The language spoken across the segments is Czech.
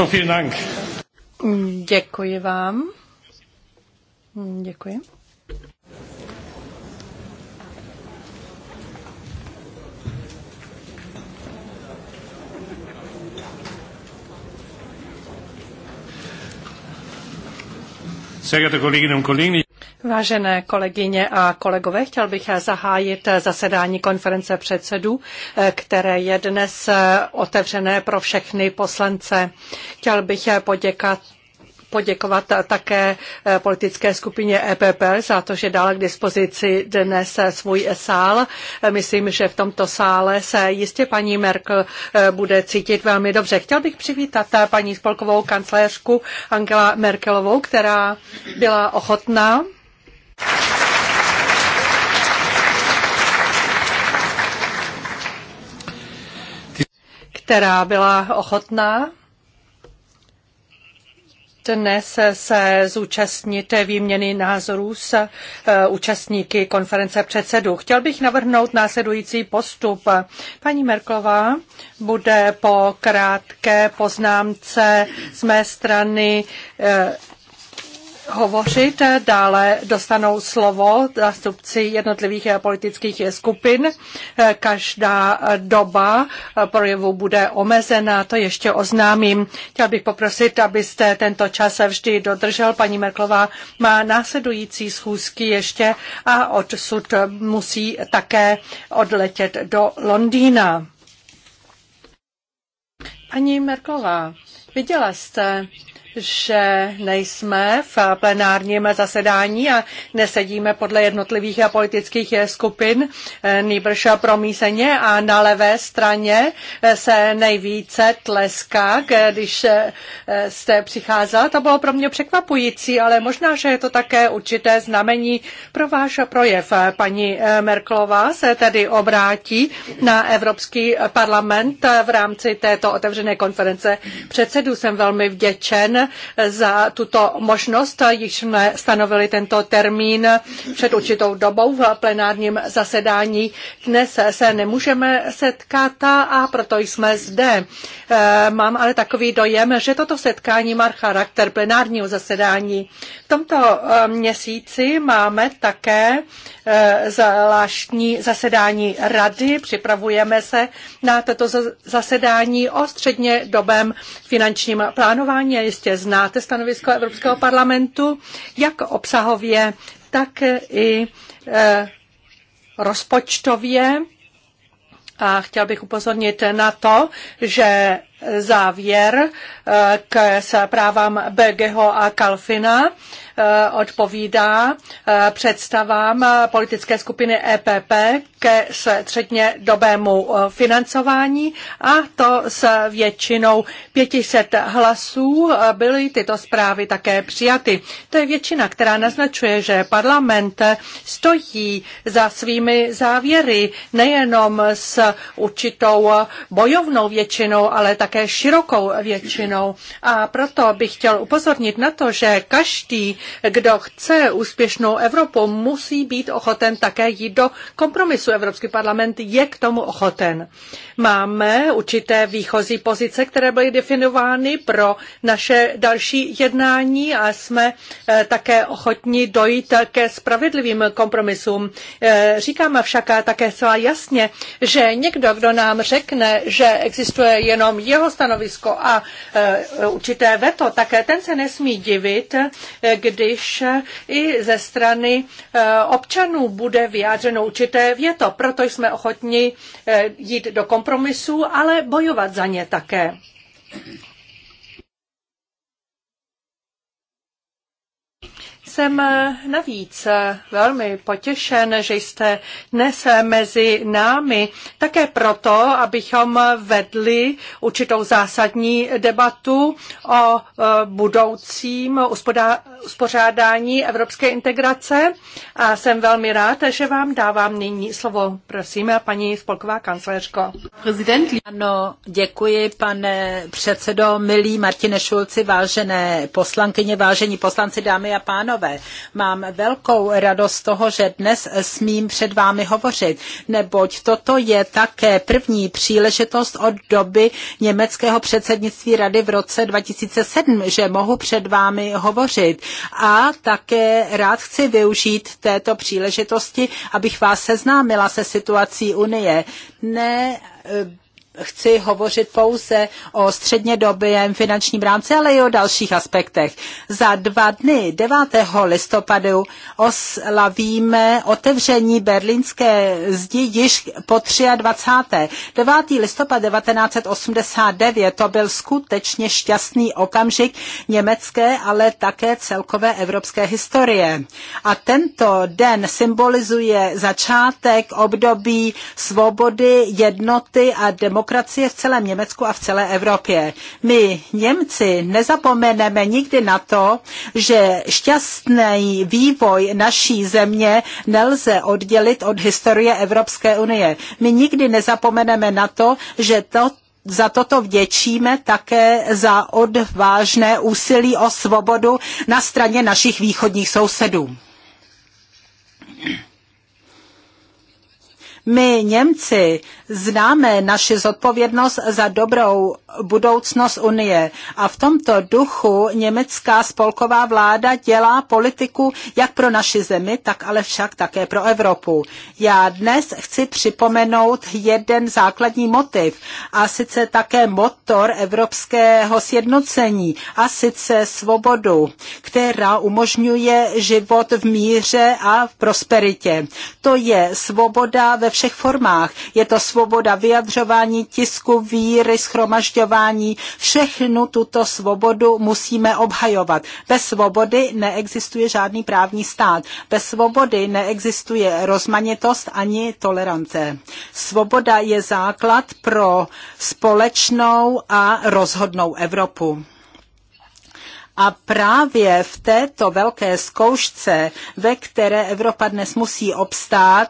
So, vielen Dank. Děkuji vám. Děkuji. Sehr geehrte Kolleginnen und Kollegen, Vážené kolegyně a kolegové, chtěl bych zahájit zasedání konference předsedů, které je dnes otevřené pro všechny poslance. Chtěl bych poděkat poděkovat také politické skupině EPP za to, že dala k dispozici dnes svůj sál. Myslím, že v tomto sále se jistě paní Merkel bude cítit velmi dobře. Chtěl bych přivítat paní spolkovou kancléřku Angela Merkelovou, která byla ochotná která byla ochotná dnes se zúčastnit výměny názorů s eh, účastníky konference předsedů. Chtěl bych navrhnout následující postup. Paní Merklová bude po krátké poznámce z mé strany eh, hovořit. Dále dostanou slovo zástupci jednotlivých politických skupin. Každá doba projevu bude omezená, to ještě oznámím. Chtěl bych poprosit, abyste tento čas vždy dodržel. Paní Merklová má následující schůzky ještě a odsud musí také odletět do Londýna. Paní Merklová, viděla jste že nejsme v plenárním zasedání a nesedíme podle jednotlivých politických skupin, nýbrž promíseně a na levé straně se nejvíce tleská, když jste přicházela. To bylo pro mě překvapující, ale možná, že je to také určité znamení pro váš projev. Paní Merklová se tedy obrátí na Evropský parlament v rámci této otevřené konference předsedu. Jsem velmi vděčen za tuto možnost. Již jsme stanovili tento termín před určitou dobou v plenárním zasedání. Dnes se nemůžeme setkat a proto jsme zde. Eh, mám ale takový dojem, že toto setkání má charakter plenárního zasedání. V tomto eh, měsíci máme také Eh, zvláštní zasedání rady. Připravujeme se na toto zasedání o středně dobém finančním plánování. A jistě znáte stanovisko Evropského parlamentu, jak obsahově, tak i eh, rozpočtově. A chtěl bych upozornit na to, že závěr eh, k zprávám Bergeho a Kalfina eh, odpovídá eh, představám politické skupiny EPP ke středně dobému financování a to s většinou 500 hlasů byly tyto zprávy také přijaty. To je většina, která naznačuje, že parlament stojí za svými závěry nejenom s určitou bojovnou většinou, ale také také širokou většinou. A proto bych chtěl upozornit na to, že každý, kdo chce úspěšnou Evropu, musí být ochoten také jít do kompromisu. Evropský parlament je k tomu ochoten. Máme určité výchozí pozice, které byly definovány pro naše další jednání a jsme eh, také ochotni dojít ke spravedlivým kompromisům. Eh, Říkám však také celá jasně, že někdo, kdo nám řekne, že existuje jenom jeho jeho stanovisko a e, určité veto, tak ten se nesmí divit, e, když i ze strany e, občanů bude vyjádřeno určité věto. Proto jsme ochotni jít do kompromisu, ale bojovat za ně také. Jsem eh, navíc eh, velmi potěšen, že jste dnes eh, mezi námi, také proto, abychom vedli určitou zásadní debatu o budoucím uspořádání evropské integrace a jsem velmi rád, že vám dávám nyní slovo. Prosím, paní spolková kancléřko. Prezident. Ano, děkuji, pane předsedo, milý Martine Šulci, vážené poslankyně, vážení poslanci, dámy a pánové pánové, Mám velkou radost z toho, že dnes smím před vámi hovořit, neboť toto je také první příležitost od doby německého předsednictví rady v roce 2007, že mohu před vámi hovořit. A také rád chci využít této příležitosti, abych vás seznámila se situací Unie. Ne chci hovořit pouze o střednědobém finančním rámci, ale i o dalších aspektech. Za dva dny, 9. listopadu, oslavíme otevření berlínské zdi již po 23. 9. listopad 1989 to byl skutečně šťastný okamžik německé, ale také celkové evropské historie. A tento den symbolizuje začátek období svobody, jednoty a demokracie demokracie v celém Německu a v celé Evropě. My, Němci, nezapomeneme nikdy na to, že šťastný vývoj naší země nelze oddělit od historie Evropské unie. My nikdy nezapomeneme na to, že to, za toto vděčíme také za odvážné úsilí o svobodu na straně našich východních sousedů. My Němci známe naši zodpovědnost za dobrou budoucnost Unie a v tomto duchu německá spolková vláda dělá politiku jak pro naši zemi, tak ale však také pro Evropu. Já dnes chci připomenout jeden základní motiv a sice také motor evropského sjednocení a sice svobodu, která umožňuje život v míře a v prosperitě. To je svoboda ve všech formách. Je to svoboda vyjadřování, tisku, víry, schromažďování. Všechnu tuto svobodu musíme obhajovat. Bez svobody neexistuje žádný právní stát. Bez svobody neexistuje rozmanitost ani tolerance. Svoboda je základ pro společnou a rozhodnou Evropu. A právě v této velké zkoušce, ve které Evropa dnes musí obstát,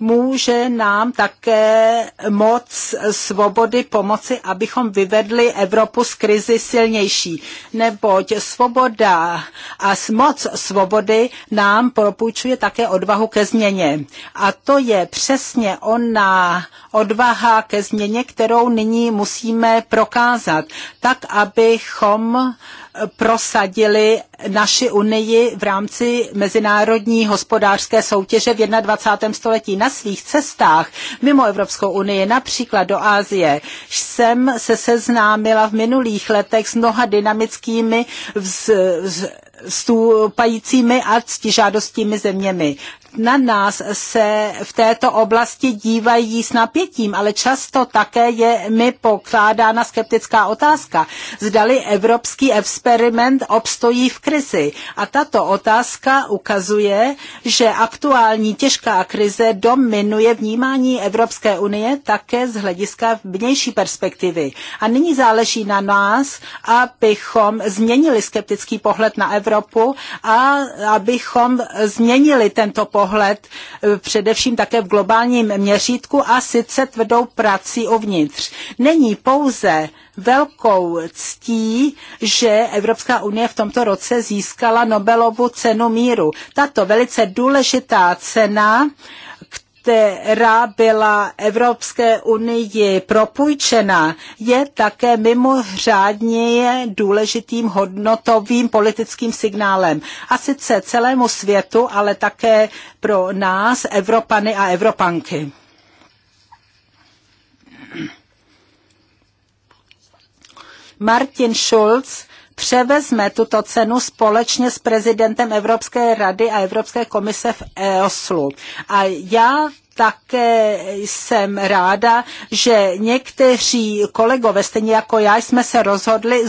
může nám také moc svobody pomoci, abychom vyvedli Evropu z krizi silnější. Neboť svoboda a moc svobody nám propůjčuje také odvahu ke změně. A to je přesně ona odvaha ke změně, kterou nyní musíme prokázat, tak abychom prosadili naši unii v rámci mezinárodní hospodářské soutěže v 21. století na svých cestách mimo Evropskou unii, například do Asie. Jsem se seznámila v minulých letech s mnoha dynamickými vz, vz, stoupajícími a ctižádostími zeměmi na nás se v této oblasti dívají s napětím, ale často také je mi pokládána skeptická otázka. Zdali evropský experiment obstojí v krizi. A tato otázka ukazuje, že aktuální těžká krize dominuje vnímání Evropské unie také z hlediska vnější perspektivy. A nyní záleží na nás, abychom změnili skeptický pohled na Evropu a abychom změnili tento pohled pohled eh, především také v globálním měřítku a sice tvrdou prací uvnitř. Není pouze velkou ctí, že Evropská unie v tomto roce získala Nobelovu cenu míru. Tato velice důležitá cena která byla Evropské unii propůjčena, je také mimořádně důležitým hodnotovým politickým signálem. A sice celému světu, ale také pro nás, Evropany a Evropanky. Martin Schulz převezme tuto cenu společně s prezidentem Evropské rady a Evropské komise v Oslu. A já také jsem ráda, že někteří kolegové, stejně jako já, jsme se rozhodli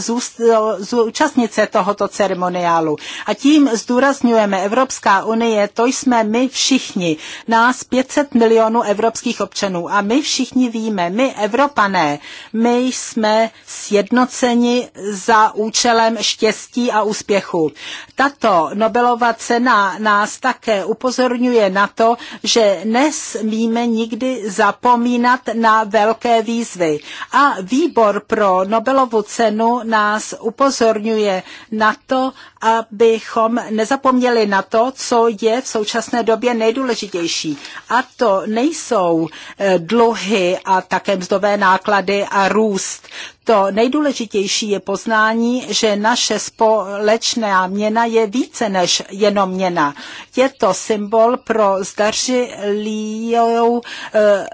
zúčastnit se tohoto ceremoniálu. A tím zdůrazňujeme Evropská unie, to jsme my všichni, nás 500 milionů evropských občanů. A my všichni víme, my Evropané, my jsme sjednoceni za účelem štěstí a úspěchu. Tato Nobelova cena nás také upozorňuje na to, že dnes nesmíme nikdy zapomínat na velké výzvy. A výbor pro Nobelovu cenu nás upozorňuje na to, abychom nezapomněli na to, co je v současné době nejdůležitější. A to nejsou eh, dluhy a také mzdové náklady a růst to nejdůležitější je poznání, že naše společná měna je více než jenom měna. Je to symbol pro zdařilou eh,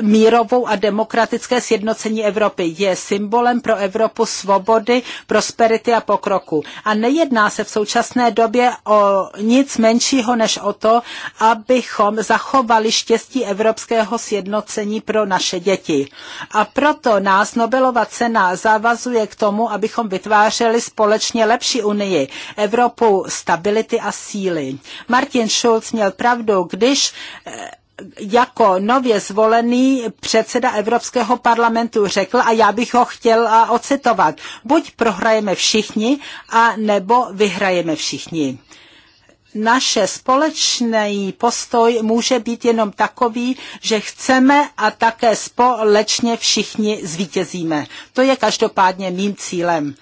mírovou a demokratické sjednocení Evropy. Je symbolem pro Evropu svobody, prosperity a pokroku. A nejedná se v současné době o nic menšího než o to, abychom zachovali štěstí evropského sjednocení pro naše děti. A proto nás Nobelova cena zavazuje k tomu, abychom vytvářeli společně lepší unii, Evropu stability a síly. Martin Schulz měl pravdu, když eh, jako nově zvolený předseda Evropského parlamentu řekl, a já bych ho chtěl eh, ocitovat, buď prohrajeme všichni, a nebo vyhrajeme všichni naše společný postoj může být jenom takový, že chceme a také společně všichni zvítězíme. To je každopádně mým cílem.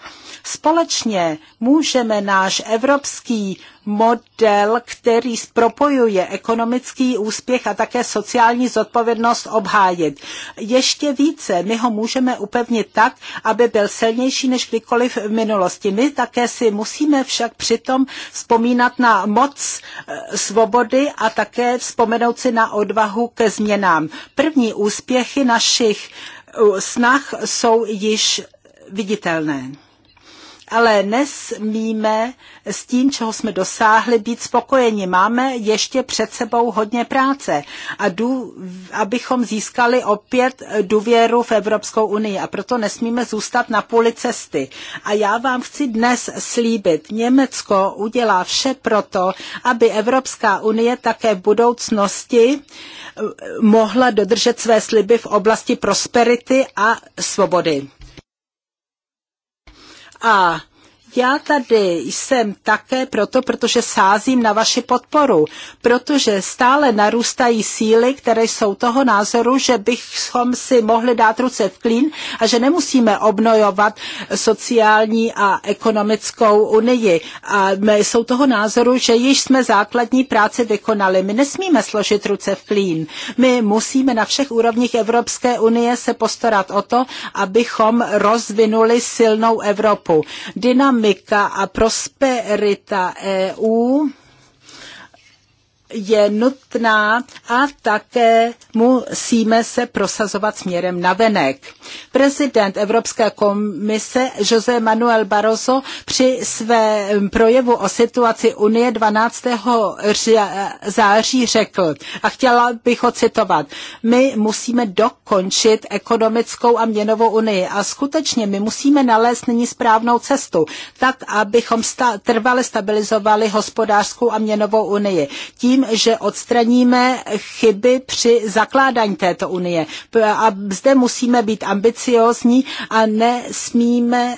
Společně můžeme náš evropský model, který propojuje ekonomický úspěch a také sociální zodpovědnost obhájit. Ještě více my ho můžeme upevnit tak, aby byl silnější než kdykoliv v minulosti. My také si musíme však přitom vzpomínat na moc eh, svobody a také vzpomenout si na odvahu ke změnám. První úspěchy našich eh, snah jsou již viditelné ale nesmíme s tím, čeho jsme dosáhli, být spokojeni. Máme ještě před sebou hodně práce, a dů, abychom získali opět důvěru v Evropskou unii a proto nesmíme zůstat na půli cesty. A já vám chci dnes slíbit, Německo udělá vše proto, aby Evropská unie také v budoucnosti eh, mohla dodržet své sliby v oblasti prosperity a svobody. A já tady jsem také proto, protože sázím na vaši podporu, protože stále narůstají síly, které jsou toho názoru, že bychom si mohli dát ruce v klín a že nemusíme obnojovat sociální a ekonomickou unii. A jsou toho názoru, že již jsme základní práci vykonali. My nesmíme složit ruce v klín. My musíme na všech úrovních Evropské unie se postarat o to, abychom rozvinuli silnou Evropu. Dynamiku ekonomika a prosperita EU je nutná a také musíme se prosazovat směrem na venek. Prezident Evropské komise José Manuel Barroso při svém projevu o situaci Unie 12. září řekl, a chtěla bych ho citovat, my musíme dokončit ekonomickou a měnovou unii a skutečně my musíme nalézt nyní správnou cestu, tak abychom sta- trvale stabilizovali hospodářskou a měnovou unii. Tím že odstraníme chyby při zakládání této unie. A zde musíme být ambiciózní a nesmíme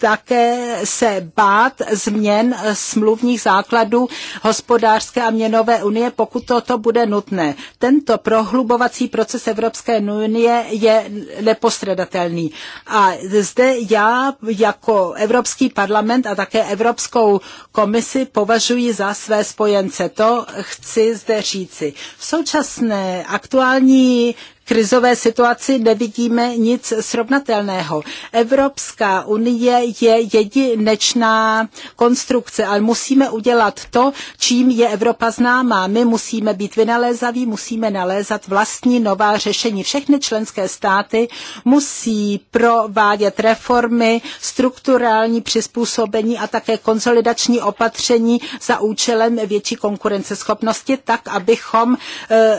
také se bát změn smluvních základů hospodářské a měnové unie, pokud toto bude nutné. Tento prohlubovací proces Evropské unie je nepostradatelný. A zde já jako Evropský parlament a také Evropskou komisi považuji za své spojence. To chci zde říci. V současné aktuální krizové situaci nevidíme nic srovnatelného. Evropská unie je jedinečná konstrukce, ale musíme udělat to, čím je Evropa známá. My musíme být vynalézaví, musíme nalézat vlastní nová řešení. Všechny členské státy musí provádět reformy, strukturální přizpůsobení a také konsolidační opatření za účelem větší konkurenceschopnosti, tak abychom eh,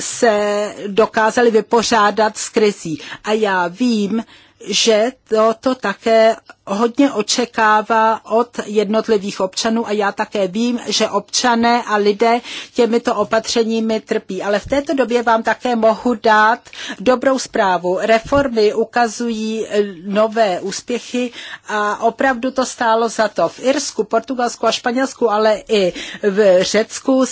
se dokázali vypořádat s krizí. A já vím, že to také hodně očekává od jednotlivých občanů a já také vím, že občané a lidé těmito opatřeními trpí. Ale v této době vám také mohu dát dobrou zprávu. Reformy ukazují eh, nové úspěchy a opravdu to stálo za to. V Irsku, Portugalsku a Španělsku, ale i v Řecku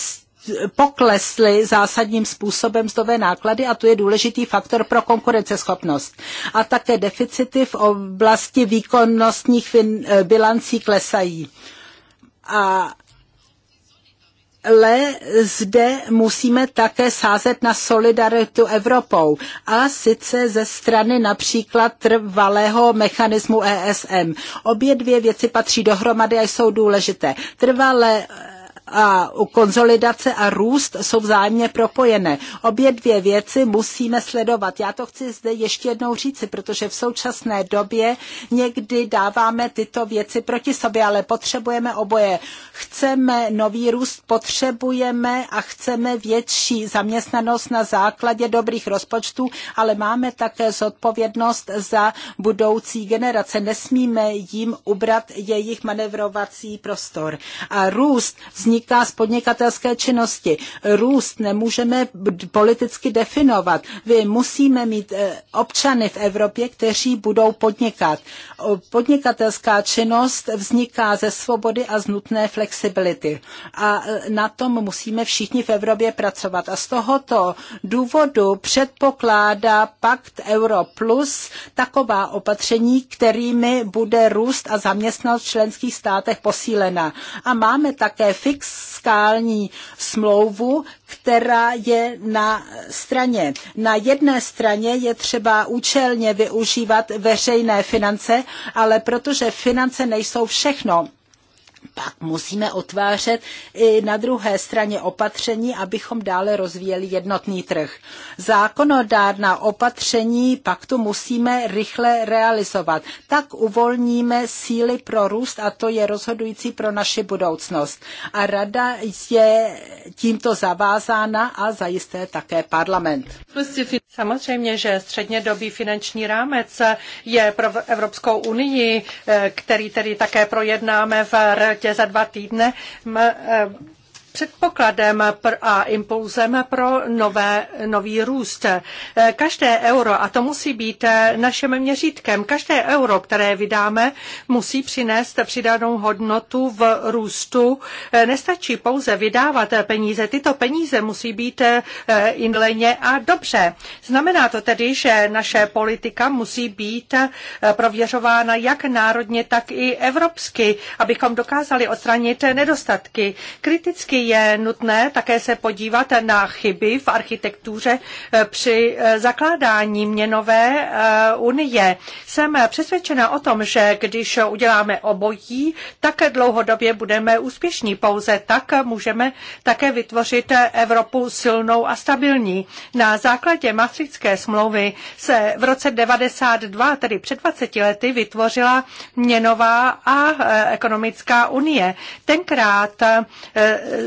poklesly zásadním způsobem zdové náklady a to je důležitý faktor pro konkurenceschopnost. A také deficity v oblasti výkonnostních bilancí klesají. A ale zde musíme také sázet na solidaritu Evropou a sice ze strany například trvalého mechanismu ESM. Obě dvě věci patří dohromady a jsou důležité. Trvalé a konsolidace a růst jsou vzájemně propojené. Obě dvě věci musíme sledovat. Já to chci zde ještě jednou říci, protože v současné době někdy dáváme tyto věci proti sobě, ale potřebujeme oboje. Chceme nový růst, potřebujeme a chceme větší zaměstnanost na základě dobrých rozpočtů, ale máme také zodpovědnost za budoucí generace. Nesmíme jim ubrat jejich manevrovací prostor. A růst vznik vzniká z podnikatelské činnosti. Růst nemůžeme politicky definovat. Vy musíme mít e, občany v Evropě, kteří budou podnikat. Podnikatelská činnost vzniká ze svobody a z nutné flexibility. A e, na tom musíme všichni v Evropě pracovat. A z tohoto důvodu předpokládá pakt Euro Plus taková opatření, kterými bude růst a zaměstnanost v členských státech posílena. A máme také fix fiskální smlouvu, která je na straně. Na jedné straně je třeba účelně využívat veřejné finance, ale protože finance nejsou všechno, pak musíme otvářet i na druhé straně opatření, abychom dále rozvíjeli jednotný trh. Zákonodárná opatření pak to musíme rychle realizovat. Tak uvolníme síly pro růst a to je rozhodující pro naši budoucnost. A rada je tímto zavázána a zajisté také parlament. Samozřejmě, že střednědobý finanční rámec je pro Evropskou unii, eh, který tedy také projednáme v radě za dva týdny předpokladem a impulzem pro nové, nový růst. Eh, každé euro, a to musí být eh, naším měřítkem, každé euro, které vydáme, musí přinést přidanou hodnotu v růstu. Eh, nestačí pouze vydávat peníze. Tyto peníze musí být inleně a dobře. Znamená to tedy, že naše politika musí být prověřována jak národně, tak i evropsky, abychom dokázali odstranit nedostatky. Kriticky je nutné také se podívat na chyby v architektuře eh, při eh, zakládání měnové eh, unie. Jsem přesvědčena o tom, že když uděláme obojí, tak dlouhodobě budeme úspěšní. Pouze tak můžeme také vytvořit Evropu silnou a stabilní. Na základě Maastrichtské smlouvy se v roce 92, tedy před 20 lety, vytvořila měnová a ekonomická unie. Tenkrát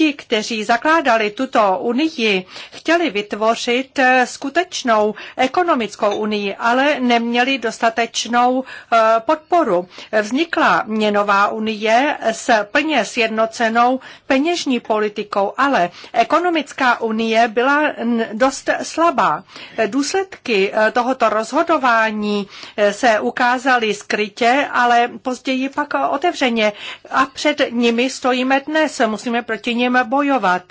Ti, kteří zakládali tuto unii, chtěli vytvořit eh, skutečnou ekonomickou unii, ale neměli dostatečnou eh, podporu. Vznikla měnová unie s plně sjednocenou peněžní politikou, ale ekonomická unie byla dost slabá. Důsledky eh, tohoto rozhodování se ukázaly skrytě, ale později pak otevřeně. A před nimi stojíme dnes. Musíme proti nim něm bojovat.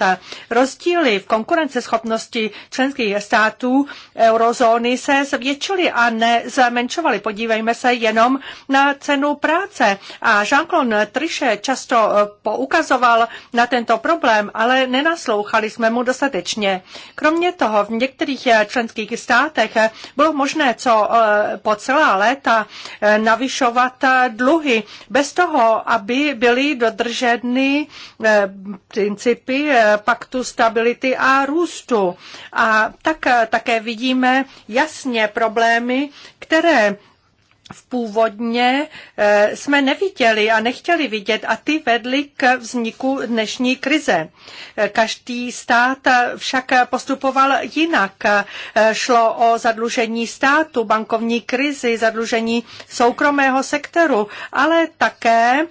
Rozdíly v konkurenceschopnosti členských států eurozóny se zvětšily a nezmenšovaly. Podívejme se jenom na cenu práce. A Jean-Claude Trichet často poukazoval na tento problém, ale nenaslouchali jsme mu dostatečně. Kromě toho v některých členských státech bylo možné co eh, po celá léta eh, navyšovat dluhy bez toho, aby byly dodrženy eh, principy eh, paktu stability a růstu. A tak eh, také vidíme jasně problémy, které v původně eh, jsme neviděli a nechtěli vidět a ty vedly k vzniku dnešní krize. Eh, každý stát eh, však postupoval jinak. Šlo o zadlužení státu, bankovní krizi, zadlužení soukromého sektoru, ale také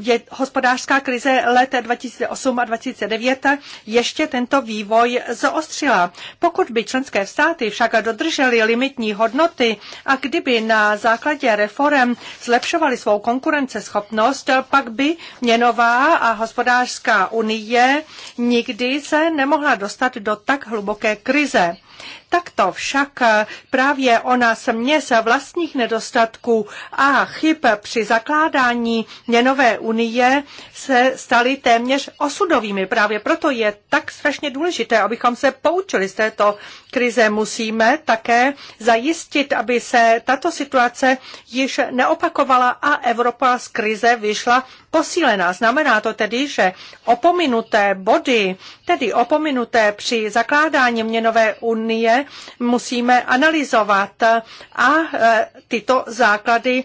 je hospodářská krize let 2008 a 2009 ještě tento vývoj zaostřila. Pokud by členské státy však dodržely limitní hodnoty a kdyby na základě reform zlepšovali svou konkurenceschopnost, pak by měnová a hospodářská unie nikdy se nemohla dostat do tak hluboké krize. Takto však právě ona z vlastních nedostatků a chyb při zakládání měnové unie se staly téměř osudovými. Právě proto je tak strašně důležité, abychom se poučili z této krize. Musíme také zajistit, aby se tato situace již neopakovala a Evropa z krize vyšla posílená. Znamená to tedy, že opominuté body, tedy opominuté při zakládání měnové unie, unie musíme analyzovat a e, tyto základy e,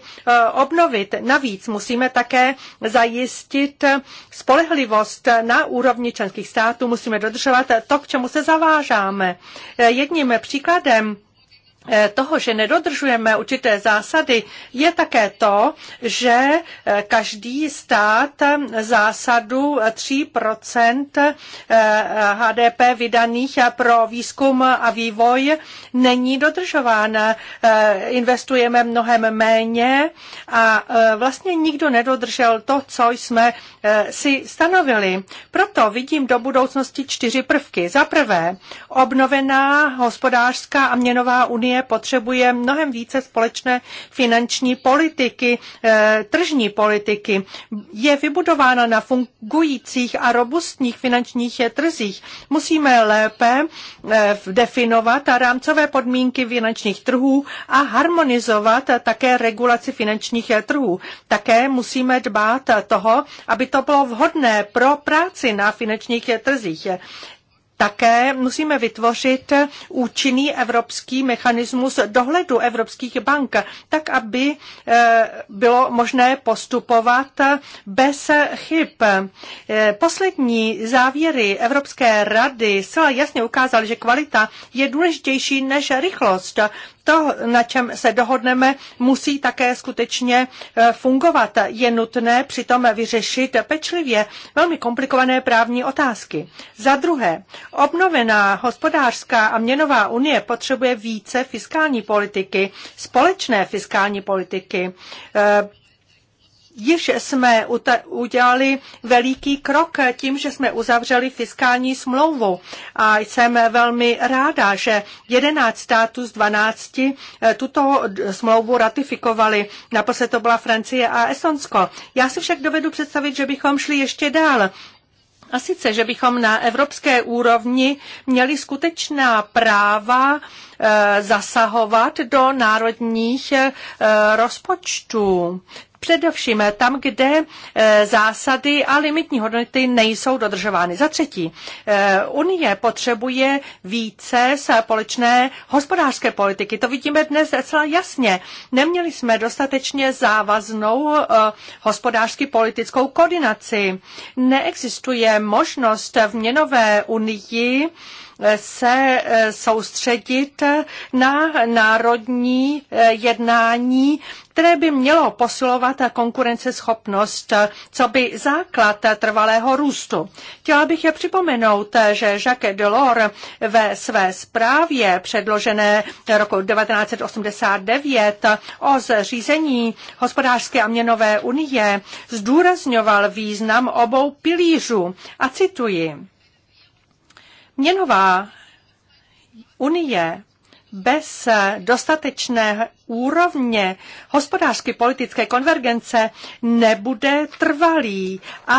obnovit. Navíc musíme také zajistit spolehlivost na úrovni členských států, musíme dodržovat to, k čemu se zavážáme. E, jedním příkladem Eh, toho, že nedodržujeme určité zásady, je také to, že eh, každý stát eh, zásadu 3 HDP vydaných pro výzkum a vývoj není dodržována. Investujeme mnohem méně a vlastně nikdo nedodržel to, co jsme si stanovili. Proto vidím do budoucnosti čtyři prvky. Za prvé, obnovená hospodářská a měnová unie unie potřebuje mnohem více společné finanční politiky, eh, tržní politiky. Je vybudována na fungujících a robustních finančních trzích. Musíme lépe eh, definovat rámcové podmínky finančních trhů a harmonizovat také regulaci finančních trhů. Také musíme dbát toho, aby to bylo vhodné pro práci na finančních trzích. Také musíme vytvořit účinný evropský mechanismus dohledu evropských bank, tak aby eh, bylo možné postupovat bez chyb. Eh, poslední závěry Evropské rady zcela jasně ukázaly, že kvalita je důležitější než rychlost. To, na čem se dohodneme, musí také skutečně e, fungovat. Je nutné přitom vyřešit pečlivě velmi komplikované právní otázky. Za druhé, obnovená hospodářská a měnová unie potřebuje více fiskální politiky, společné fiskální politiky. E, Již jsme udělali veliký krok tím, že jsme uzavřeli fiskální smlouvu a jsem velmi ráda, že 11 států z 12 eh, tuto smlouvu ratifikovali. Naposled to byla Francie a Estonsko. Já si však dovedu představit, že bychom šli ještě dál. A sice, že bychom na evropské úrovni měli skutečná práva eh, zasahovat do národních eh, rozpočtů. Především tam, kde eh, zásady a limitní hodnoty nejsou dodržovány. Za třetí, eh, Unie potřebuje více společné hospodářské politiky. To vidíme dnes docela jasně. Neměli jsme dostatečně závaznou eh, hospodářsky politickou koordinaci. Neexistuje možnost v měnové unii se eh, soustředit na národní eh, jednání, které by mělo posilovat konkurenceschopnost, co by základ trvalého růstu. Chtěla bych je připomenout, že Jacques Delors ve své zprávě předložené roku 1989 o zřízení hospodářské a měnové unie zdůrazňoval význam obou pilířů. A cituji. Měnová unie bez dostatečné úrovně hospodářské politické konvergence nebude trvalý a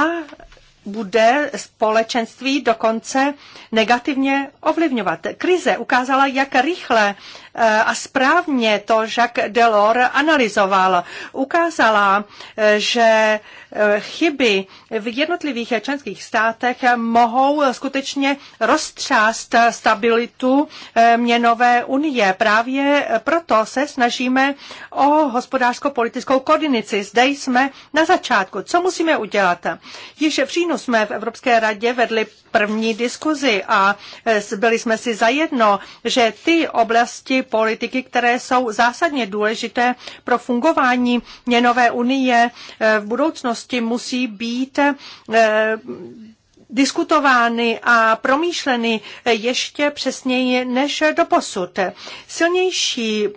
bude společenství dokonce negativně ovlivňovat. Krize ukázala, jak rychle Eh, a správně to Jacques Delors analyzoval. Ukázala, eh, že eh, chyby v jednotlivých členských státech mohou skutečně roztřást stabilitu měnové unie. Právě proto se snažíme o hospodářsko-politickou koordinaci. Zde jsme na začátku. Co musíme udělat? Již v říjnu jsme v Evropské radě vedli první diskuzi a byli jsme si zajedno, že ty oblasti politiky, které jsou zásadně důležité pro fungování měnové unie eh, v budoucnosti, musí být eh, diskutovány a promýšleny eh, ještě přesněji než doposud. Silnější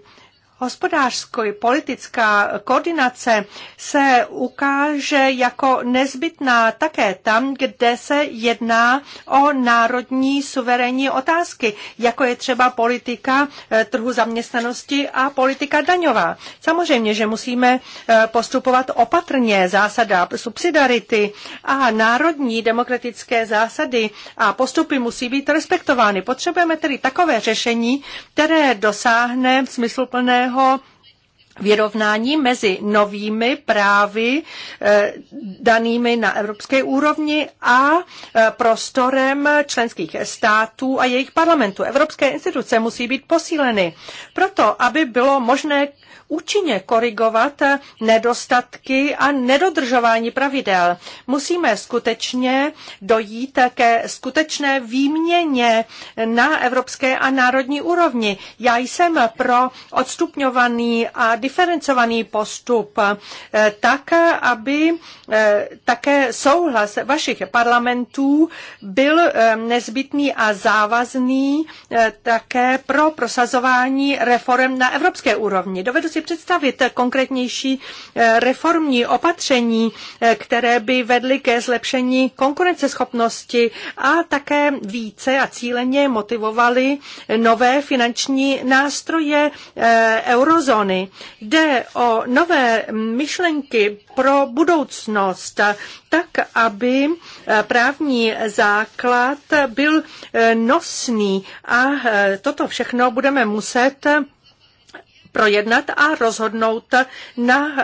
hospodářsko politická koordinace se ukáže jako nezbytná také tam, kde se jedná o národní suverénní otázky, jako je třeba politika eh, trhu zaměstnanosti a politika daňová. Samozřejmě, že musíme eh, postupovat opatrně zásada subsidiarity a národní demokratické zásady a postupy musí být respektovány. Potřebujeme tedy takové řešení, které dosáhne smysluplného určitého vyrovnání mezi novými právy eh, danými na evropské úrovni a eh, prostorem členských států a jejich parlamentů. Evropské instituce musí být posíleny proto, aby bylo možné účinně korigovat nedostatky a nedodržování pravidel. Musíme skutečně dojít ke skutečné výměně na evropské a národní úrovni. Já jsem pro odstupňovaný a diferencovaný postup eh, tak, aby eh, také souhlas vašich parlamentů byl eh, nezbytný a závazný také pro prosazování reform na evropské úrovni. Dovedu si představit konkrétnější eh, reformní opatření, eh, které by vedly ke zlepšení konkurenceschopnosti a také více a cíleně motivovaly nové finanční nástroje eh, eurozóny. Jde o nové myšlenky pro budoucnost, tak aby právní základ byl nosný a toto všechno budeme muset projednat a rozhodnout na eh,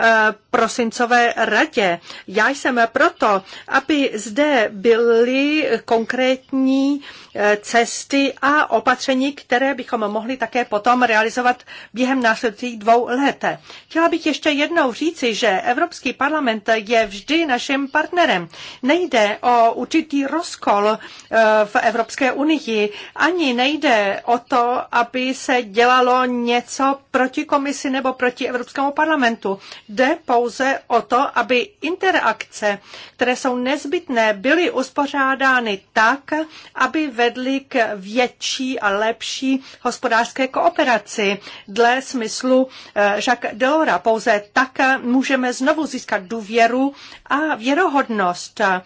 prosincové radě. Já jsem proto, aby zde byly konkrétní Eh, cesty a opatření, které bychom mohli také potom realizovat během následujících dvou let. Chtěla bych ještě jednou říci, že Evropský parlament je vždy naším partnerem. Nejde o určitý rozkol eh, v Evropské unii, ani nejde o to, aby se dělalo něco proti komisi nebo proti Evropskému parlamentu. Jde pouze o to, aby interakce, které jsou nezbytné, byly uspořádány tak, aby vedly k větší a lepší hospodářské kooperaci dle smyslu eh, Jacques Delora. Pouze tak můžeme znovu získat důvěru a věrohodnost. Eh,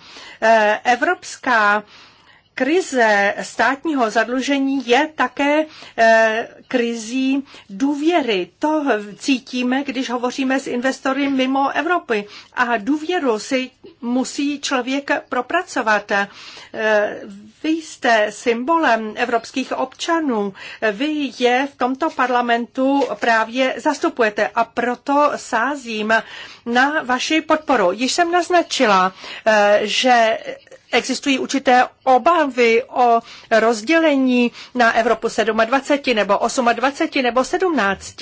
Evropská krize státního zadlužení je také eh, krizí důvěry. To cítíme, když hovoříme s investory mimo Evropy. A důvěru si musí člověk propracovat. Vy jste symbolem evropských občanů. Vy je v tomto parlamentu právě zastupujete a proto sázím na vaši podporu. Již jsem naznačila, eh, že existují určité obavy o rozdělení na Evropu 27 nebo 28 nebo 17.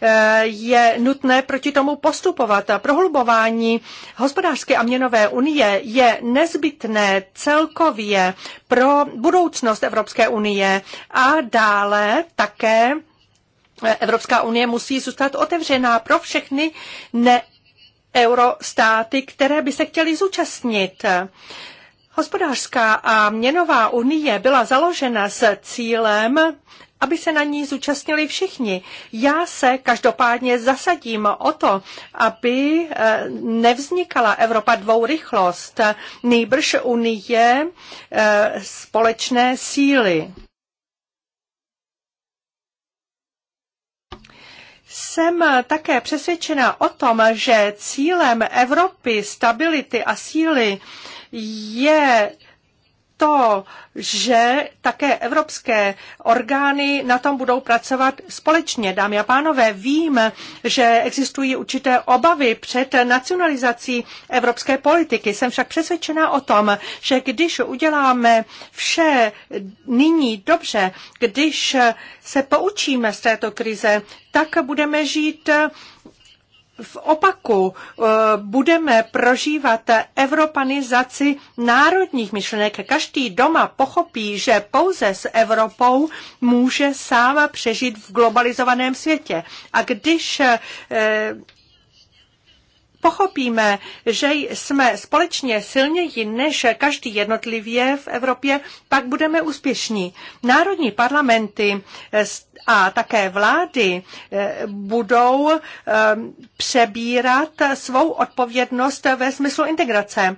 Eh, je nutné proti tomu postupovat. Prohlubování hospodářské a měnové unie je nezbytné celkově pro budoucnost Evropské unie a dále také eh, Evropská unie musí zůstat otevřená pro všechny ne eurostáty, které by se chtěly zúčastnit. Hospodářská a měnová unie byla založena s cílem aby se na ní zúčastnili všichni. Já se každopádně zasadím o to, aby eh, nevznikala Evropa dvou rychlost, nejbrž unie eh, společné síly. Jsem také přesvědčena o tom, že cílem Evropy stability a síly je to, že také evropské orgány na tom budou pracovat společně. Dámy a pánové, vím, že existují určité obavy před nacionalizací evropské politiky. Jsem však přesvědčená o tom, že když uděláme vše nyní dobře, když se poučíme z této krize, tak budeme žít v opaku eh, budeme prožívat evropanizaci národních myšlenek. Každý doma pochopí, že pouze s Evropou může sám přežít v globalizovaném světě. A když eh, pochopíme, že jsme společně silněji než každý jednotlivě v Evropě, pak budeme úspěšní. Národní parlamenty eh, a také vlády eh, budou eh, přebírat svou odpovědnost ve smyslu integrace.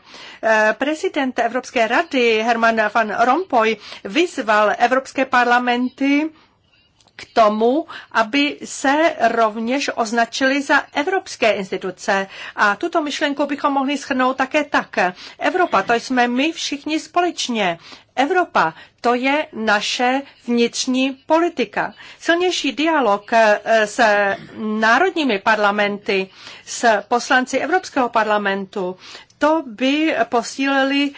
Prezident Evropské rady Herman van Rompuy vyzval Evropské parlamenty, k tomu, aby se rovněž označili za evropské instituce. A tuto myšlenku bychom mohli schrnout také tak. Evropa, to jsme my všichni společně. Evropa, to je naše vnitřní politika. Silnější dialog eh, s národními parlamenty, s poslanci Evropského parlamentu, to by posílili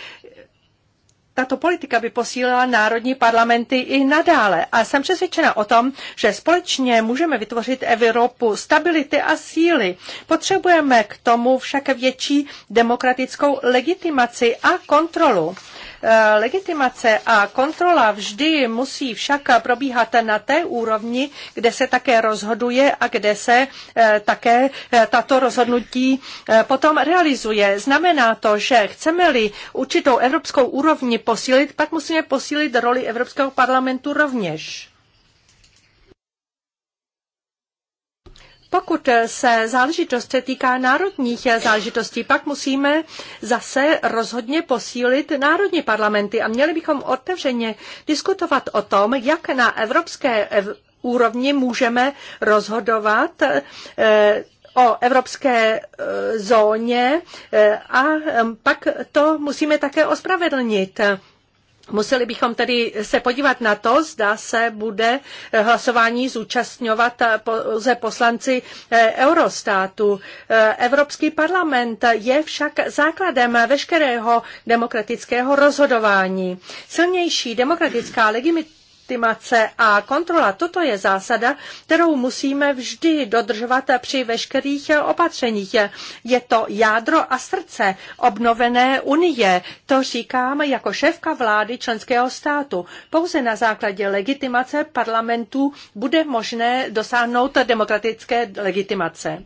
tato politika by posílila národní parlamenty i nadále a jsem přesvědčena o tom, že společně můžeme vytvořit Evropu stability a síly. Potřebujeme k tomu však větší demokratickou legitimaci a kontrolu. Eh, legitimace a kontrola vždy musí však probíhat na té úrovni, kde se také rozhoduje a kde se eh, také eh, tato rozhodnutí potom realizuje. Znamená to, že chceme-li určitou evropskou úrovni posílit, pak musíme posílit roli Evropského parlamentu rovněž. Pokud se záležitost týká národních záležitostí, pak musíme zase rozhodně posílit národní parlamenty a měli bychom otevřeně diskutovat o tom, jak na evropské úrovni můžeme rozhodovat eh, o evropské eh, zóně eh, a pak to musíme také ospravedlnit. Museli bychom tedy se podívat na to, zda se bude hlasování zúčastňovat pouze poslanci eh, Eurostátu. Eh, Evropský parlament je však základem veškerého demokratického rozhodování. Silnější demokratická legitimace a kontrola. Toto je zásada, kterou musíme vždy dodržovat při veškerých opatřeních. Je to jádro a srdce obnovené unie. To říkám jako šéfka vlády členského státu. Pouze na základě legitimace parlamentu bude možné dosáhnout demokratické legitimace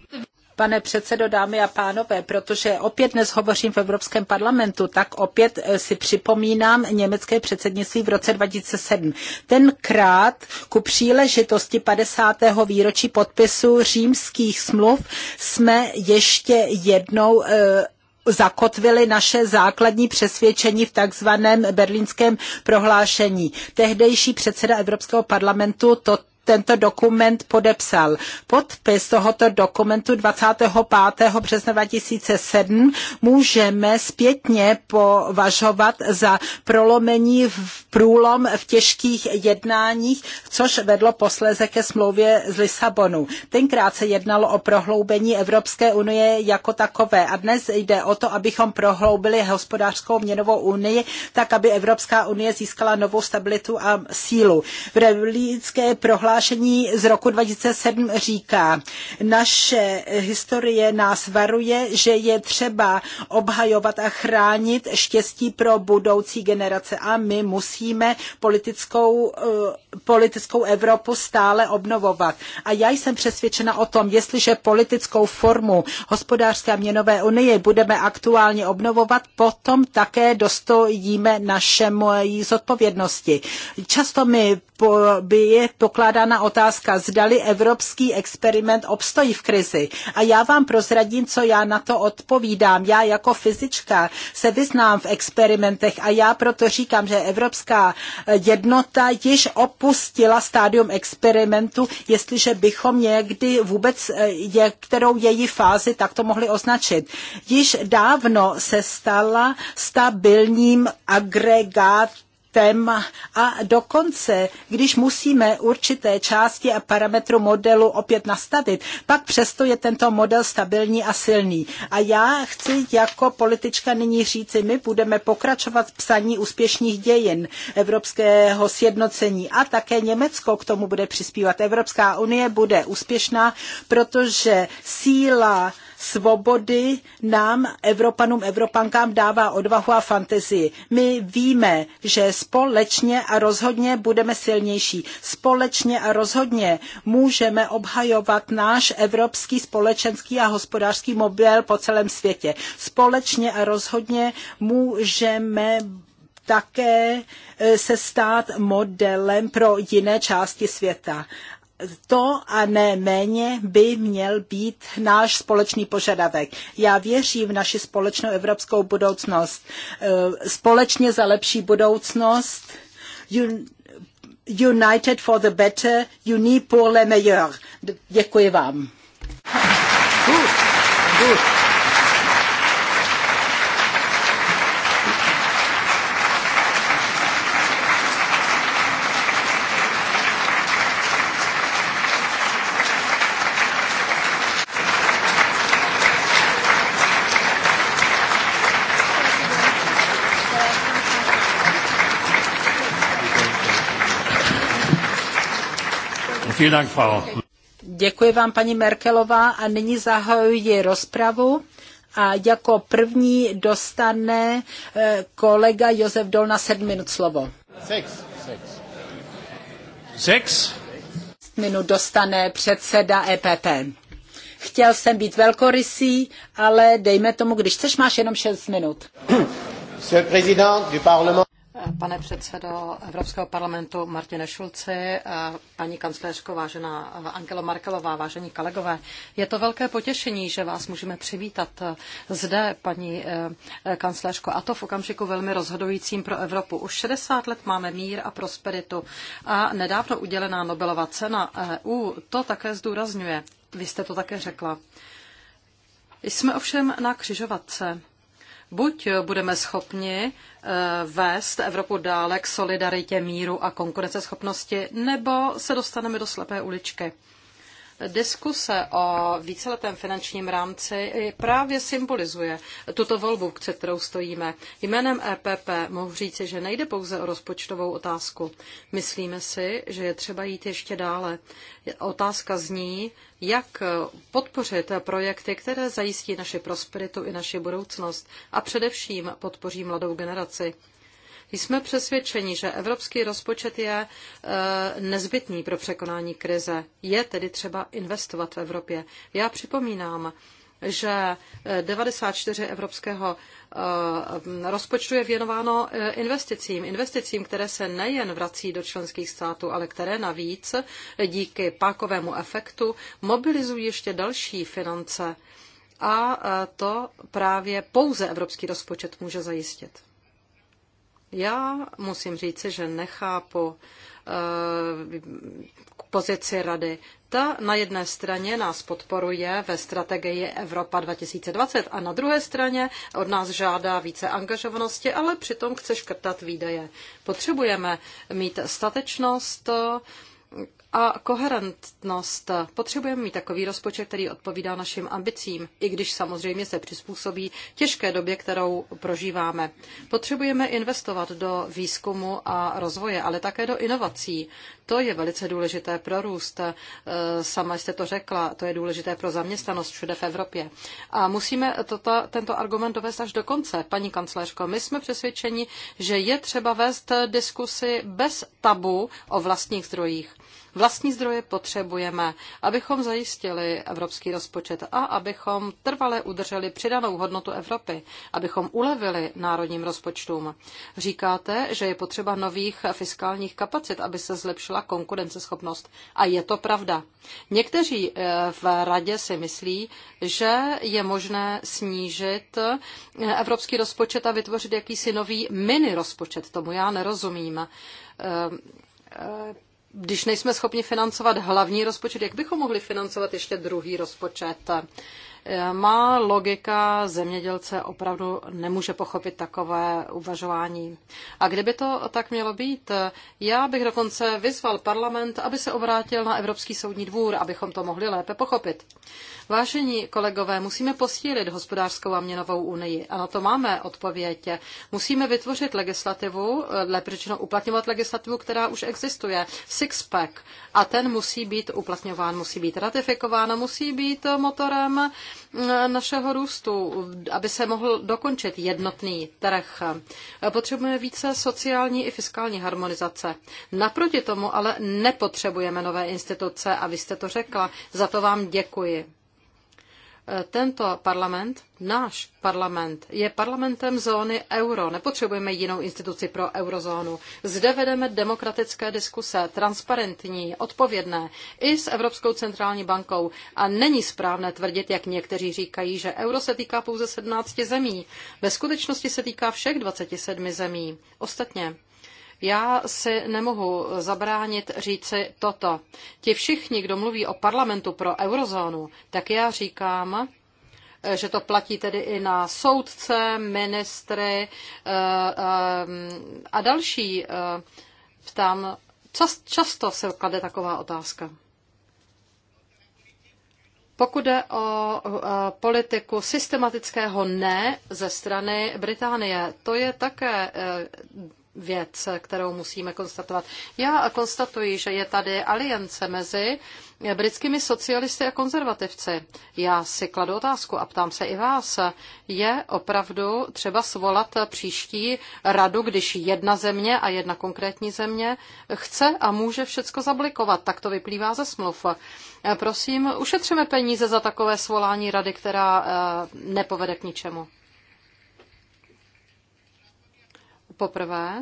pane předsedo, dámy a pánové, protože opět dnes hovořím v Evropském parlamentu, tak opět eh, si připomínám německé předsednictví v roce 2007. Tenkrát ku příležitosti 50. výročí podpisu římských smluv jsme ještě jednou eh, zakotvili naše základní přesvědčení v takzvaném berlínském prohlášení. Tehdejší předseda Evropského parlamentu toto tento dokument podepsal. Podpis tohoto dokumentu 25. března 2007 můžeme zpětně považovat za prolomení v průlom v těžkých jednáních, což vedlo posléze ke smlouvě z Lisabonu. Tenkrát se jednalo o prohloubení Evropské unie jako takové a dnes jde o to, abychom prohloubili hospodářskou měnovou unii, tak aby Evropská unie získala novou stabilitu a sílu. V prohlášení prohlášení z roku 2007 říká, naše historie nás varuje, že je třeba obhajovat a chránit štěstí pro budoucí generace a my musíme politickou eh, politickou Evropu stále obnovovat. A já jsem přesvědčena o tom, jestliže politickou formu hospodářské a měnové unie budeme aktuálně obnovovat, potom také dostojíme našemu zodpovědnosti. Často mi po, by je pokládána otázka, zdali evropský experiment obstojí v krizi. A já vám prozradím, co já na to odpovídám. Já jako fyzička se vyznám v experimentech a já proto říkám, že evropská jednota již op opustila stádium experimentu, jestliže bychom někdy vůbec některou eh, její fázi takto mohli označit. Již dávno se stala stabilním agregátem téma a dokonce, když musíme určité části a parametru modelu opět nastavit, pak přesto je tento model stabilní a silný. A já chci jako politička nyní říci, my budeme pokračovat v psaní úspěšných dějin evropského sjednocení a také Německo k tomu bude přispívat. Evropská unie bude úspěšná, protože síla svobody nám, Evropanům, Evropankám dává odvahu a fantazii. My víme, že společně a rozhodně budeme silnější. Společně a rozhodně můžeme obhajovat náš evropský společenský a hospodářský model po celém světě. Společně a rozhodně můžeme také e, se stát modelem pro jiné části světa to a ne méně by měl být náš společný požadavek. Já věřím v naši společnou evropskou budoucnost. Eh, společně za lepší budoucnost. United for the better, unis pour le meilleur. Děkuji vám. Good. Good. Děkuji vám, paní Merkelová, a nyní zahajuji rozpravu. A jako první dostane eh, kolega Josef Dol na sedm minut slovo. Six. Six. Six. Minut dostane předseda EPP. Chtěl jsem být velkorysý, ale dejme tomu, když chceš, máš jenom šest minut. Monsieur le Président du Parlement. Pane předsedo Evropského parlamentu Martine Šulci, paní kancléřko, vážená Angelo Markelová, vážení kolegové, je to velké potěšení, že vás můžeme přivítat zde, paní eh, kancléřko, a to v okamžiku velmi rozhodujícím pro Evropu. Už 60 let máme mír a prosperitu a nedávno udělená Nobelova cena EU to také zdůrazňuje. Vy jste to také řekla. Jsme ovšem na křižovatce Buď budeme schopni eh, vést Evropu dále k solidaritě, míru a konkurenceschopnosti, nebo se dostaneme do slepé uličky. Diskuse o víceletém finančním rámci právě symbolizuje tuto volbu, před kterou stojíme. Jménem EPP mohu říci, že nejde pouze o rozpočtovou otázku. Myslíme si, že je třeba jít ještě dále. Otázka zní, jak podpořit projekty, které zajistí naši prosperitu i naši budoucnost a především podpoří mladou generaci. Jsme přesvědčeni, že evropský rozpočet je eh, nezbytný pro překonání krize. Je tedy třeba investovat v Evropě. Já připomínám, že 94 eh, evropského eh, rozpočtu je věnováno investicím. Investicím, které se nejen vrací do členských států, ale které navíc díky pákovému efektu mobilizují ještě další finance. A to právě pouze evropský rozpočet může zajistit. Já musím říci, že nechápu eh, pozici rady. Ta na jedné straně nás podporuje ve strategii Evropa 2020 a na druhé straně od nás žádá více angažovanosti, ale přitom chce škrtat výdaje. Potřebujeme mít statečnost, a koherentnost. Potřebujeme mít takový rozpočet, který odpovídá našim ambicím, i když samozřejmě se přizpůsobí těžké době, kterou prožíváme. Potřebujeme investovat do výzkumu a rozvoje, ale také do inovací. To je velice důležité pro růst. E, sama jste to řekla, to je důležité pro zaměstnanost všude v Evropě. A musíme toto, tento argument dovést až do konce. Paní kancléřko, my jsme přesvědčeni, že je třeba vést diskusy bez tabu o vlastních zdrojích. Vlastní zdroje potřebujeme, abychom zajistili evropský rozpočet a abychom trvale udrželi přidanou hodnotu Evropy, abychom ulevili národním rozpočtům. Říkáte, že je potřeba nových fiskálních kapacit, aby se zlepšila konkurenceschopnost. A je to pravda. Někteří eh, v radě si myslí, že je možné snížit eh, evropský rozpočet a vytvořit jakýsi nový mini rozpočet. Tomu já nerozumím eh, když nejsme schopni financovat hlavní rozpočet, jak bychom mohli financovat ještě druhý rozpočet? má logika zemědělce opravdu nemůže pochopit takové uvažování. A kdyby to tak mělo být, já bych dokonce vyzval parlament, aby se obrátil na Evropský soudní dvůr, abychom to mohli lépe pochopit. Vážení kolegové, musíme posílit hospodářskou a měnovou unii. A na to máme odpověď. Musíme vytvořit legislativu, lepřičeno uplatňovat legislativu, která už existuje, six-pack. A ten musí být uplatňován, musí být ratifikován, musí být motorem našeho růstu, aby se mohl dokončit jednotný trh. Potřebujeme více sociální i fiskální harmonizace. Naproti tomu ale nepotřebujeme nové instituce a vy jste to řekla. Za to vám děkuji tento parlament, náš parlament, je parlamentem zóny euro. Nepotřebujeme jinou instituci pro eurozónu. Zde vedeme demokratické diskuse, transparentní, odpovědné, i s Evropskou centrální bankou. A není správné tvrdit, jak někteří říkají, že euro se týká pouze 17 zemí. Ve skutečnosti se týká všech 27 zemí. Ostatně, já si nemohu zabránit říci toto. Ti všichni, kdo mluví o parlamentu pro eurozónu, tak já říkám, eh, že to platí tedy i na soudce, ministry eh, eh, a další. Tam často se klade taková otázka. Pokud jde o politiku systematického ne ze strany Británie, to je také věc, kterou musíme konstatovat. Já konstatuji, že je tady aliance mezi britskými socialisty a konzervativci. Já si kladu otázku a ptám se i vás. Je opravdu třeba svolat příští radu, když jedna země a jedna konkrétní země chce a může všecko zablikovat? Tak to vyplývá ze smluv. Prosím, ušetřeme peníze za takové svolání rady, která eh, nepovede k ničemu. Poprvé,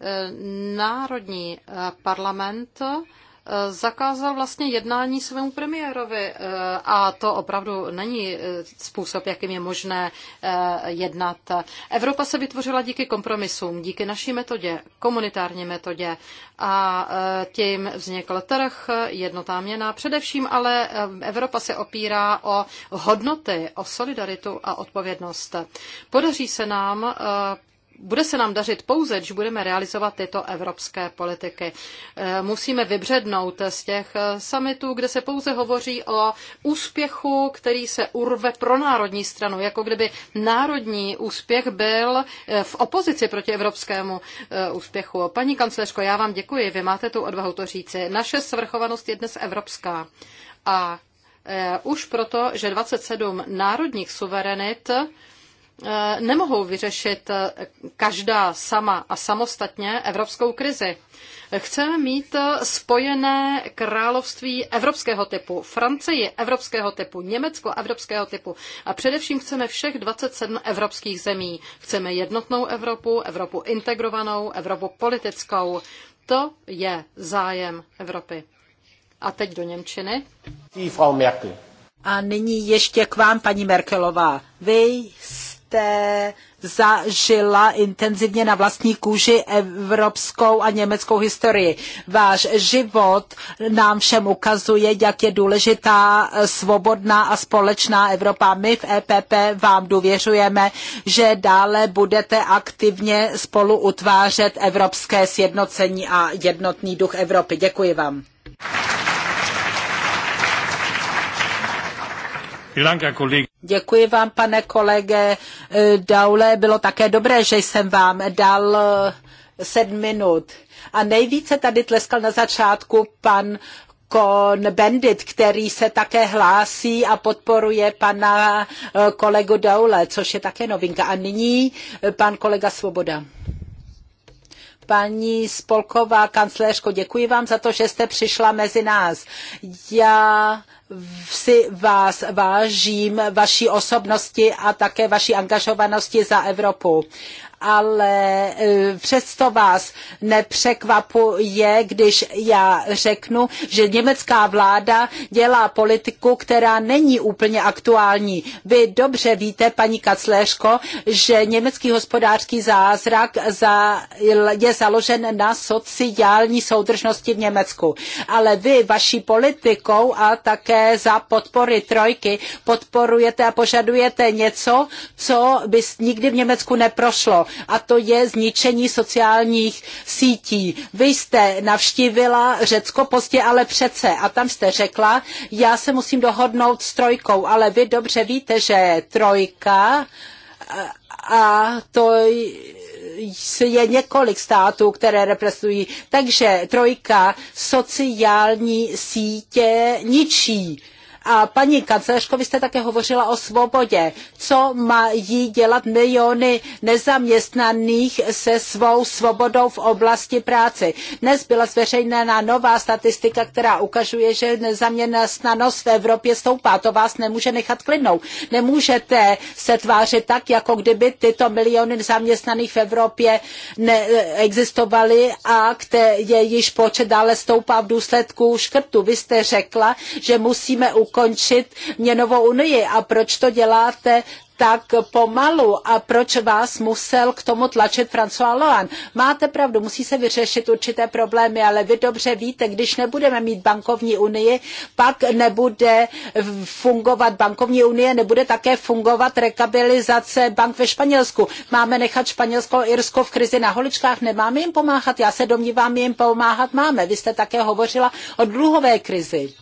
eh, Národní eh, parlament eh, zakázal vlastně jednání svému premiérovi a to opravdu není způsob, jakým je možné jednat. Evropa se vytvořila díky kompromisům, díky naší metodě, komunitární metodě a tím vznikl trh, jednotá měna. Především ale Evropa se opírá o hodnoty, o solidaritu a odpovědnost. Podaří se nám bude se nám dařit pouze, když budeme realizovat tyto evropské politiky. Eh, musíme vybřednout z těch eh, summitů, kde se pouze hovoří o úspěchu, který se urve pro národní stranu, jako kdyby národní úspěch byl eh, v opozici proti evropskému úspěchu. Paní kancléřko, já vám děkuji, vy máte tu odvahu to říci. Naše svrchovanost je dnes evropská. A už proto, že 27 národních suverenit Eh, nemohou vyřešit eh, každá sama a samostatně evropskou krizi. Chceme mít eh, spojené království evropského typu, Francii evropského typu, Německo evropského typu a především chceme všech 27 evropských zemí. Chceme jednotnou Evropu, Evropu integrovanou, Evropu politickou. To je zájem Evropy. A teď do Němčiny. A nyní ještě k vám, paní Merkelová. Vy jste zažila intenzivně na vlastní kůži evropskou a německou historii. Váš život nám všem ukazuje, jak je důležitá eh, svobodná a společná Evropa. My v EPP vám důvěřujeme, že dále budete aktivně spolu utvářet evropské sjednocení a jednotný duch Evropy. Děkuji vám. Děkuji vám, pane kolege e, Daule. Bylo také dobré, že jsem vám dal e, sedm minut. A nejvíce tady tleskal na začátku pan Kon Bendit, který se také hlásí a podporuje pana e, kolegu Daule, což je také novinka. A nyní pan kolega Svoboda. Paní spolková kancléřko, děkuji vám za to, že jste přišla mezi nás. Já si vás vážím, vaší osobnosti a také vaší angažovanosti za Evropu ale e, přesto vás nepřekvapuje, když já řeknu, že německá vláda dělá politiku, která není úplně aktuální. Vy dobře víte, paní Kacléřko, že německý hospodářský zázrak je založen na sociální soudržnosti v Německu. Ale vy vaší politikou a také za podpory trojky podporujete a požadujete něco, co by nikdy v Německu neprošlo a to je zničení sociálních sítí. Vy jste navštívila Řecko postě ale přece a tam jste řekla, já se musím dohodnout s trojkou, ale vy dobře víte, že trojka a to je několik států, které represují. Takže trojka sociální sítě ničí a paní kancelářko, vy jste také hovořila o svobodě. Co mají dělat miliony nezaměstnaných se svou svobodou v oblasti práce? Dnes byla zveřejněna nová statistika, která ukazuje, že nezaměstnanost v Evropě stoupá. To vás nemůže nechat klidnou. Nemůžete se tvářit tak, jako kdyby tyto miliony nezaměstnaných v Evropě neexistovaly a kde je již počet dále stoupá v důsledku škrtu. Vy jste řekla, že musíme ukončit ukončit měnovou unii a proč to děláte tak pomalu a proč vás musel k tomu tlačit François Hollande. Máte pravdu, musí se vyřešit určité problémy, ale vy dobře víte, když nebudeme mít bankovní unii, pak nebude fungovat bankovní unie, nebude také fungovat rekabilizace bank ve Španělsku. Máme nechat Španělsko a Irsko v krizi na holičkách, nemáme jim pomáhat, já se domnívám, jim pomáhat máme. Vy jste také hovořila o dluhové krizi.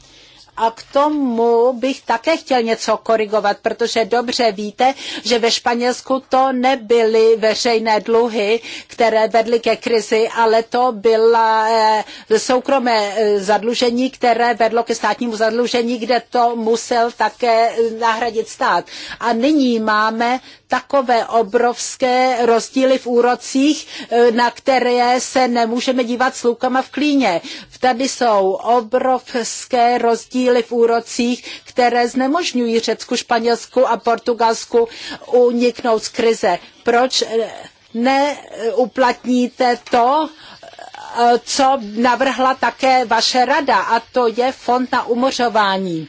A k tomu bych také chtěl něco korigovat, protože dobře víte, že ve Španělsku to nebyly veřejné dluhy, které vedly ke krizi, ale to byla eh, soukromé eh, zadlužení, které vedlo ke státnímu zadlužení, kde to musel také eh, nahradit stát. A nyní máme takové obrovské rozdíly v úrocích, e, na které se nemůžeme dívat s lukama v klíně. Tady jsou obrovské rozdíly v úrocích, které znemožňují Řecku, Španělsku a Portugalsku uniknout z krize. Proč e, neuplatníte to, e, co navrhla také vaše rada, a to je fond na umořování.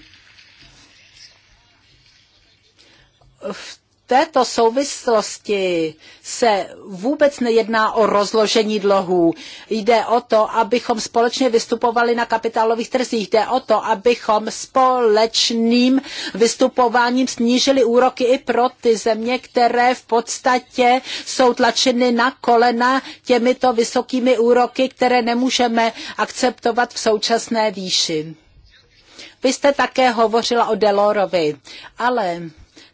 V této souvislosti se vůbec nejedná o rozložení dlohů. Jde o to, abychom společně vystupovali na kapitálových trzích. Jde o to, abychom společným vystupováním snížili úroky i pro ty země, které v podstatě jsou tlačeny na kolena těmito vysokými úroky, které nemůžeme akceptovat v současné výši. Vy jste také hovořila o Delorovi, ale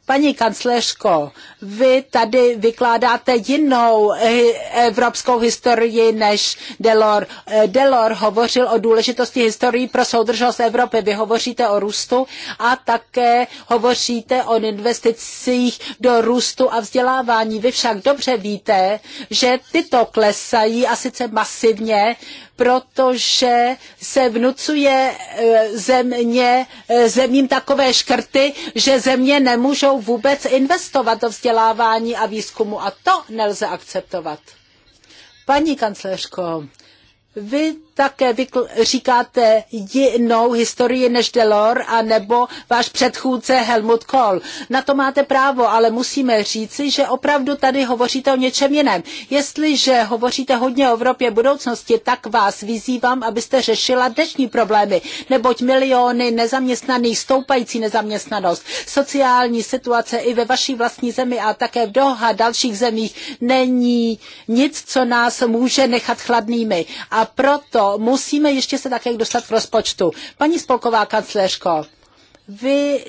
Paní kancléřko, vy tady vykládáte jinou eh, evropskou historii než Delor. Eh, Delor hovořil o důležitosti historii pro soudržnost Evropy. Vy hovoříte o růstu a také hovoříte o investicích do růstu a vzdělávání. Vy však dobře víte, že tyto klesají a sice masivně protože se vnucuje e, země, e, zemím takové škrty, že země nemůžou vůbec investovat do vzdělávání a výzkumu a to nelze akceptovat. Paní kancléřko, vy také vy říkáte jinou historii než Delors a nebo váš předchůdce Helmut Kohl. Na to máte právo, ale musíme říci, že opravdu tady hovoříte o něčem jiném. Jestliže hovoříte hodně o Evropě budoucnosti, tak vás vyzývám, abyste řešila dnešní problémy, neboť miliony nezaměstnaných, stoupající nezaměstnanost, sociální situace i ve vaší vlastní zemi a také v Doha dalších zemích není nic, co nás může nechat chladnými. A proto to musíme ještě se také dostat k rozpočtu. Paní spolková kancléřko, vy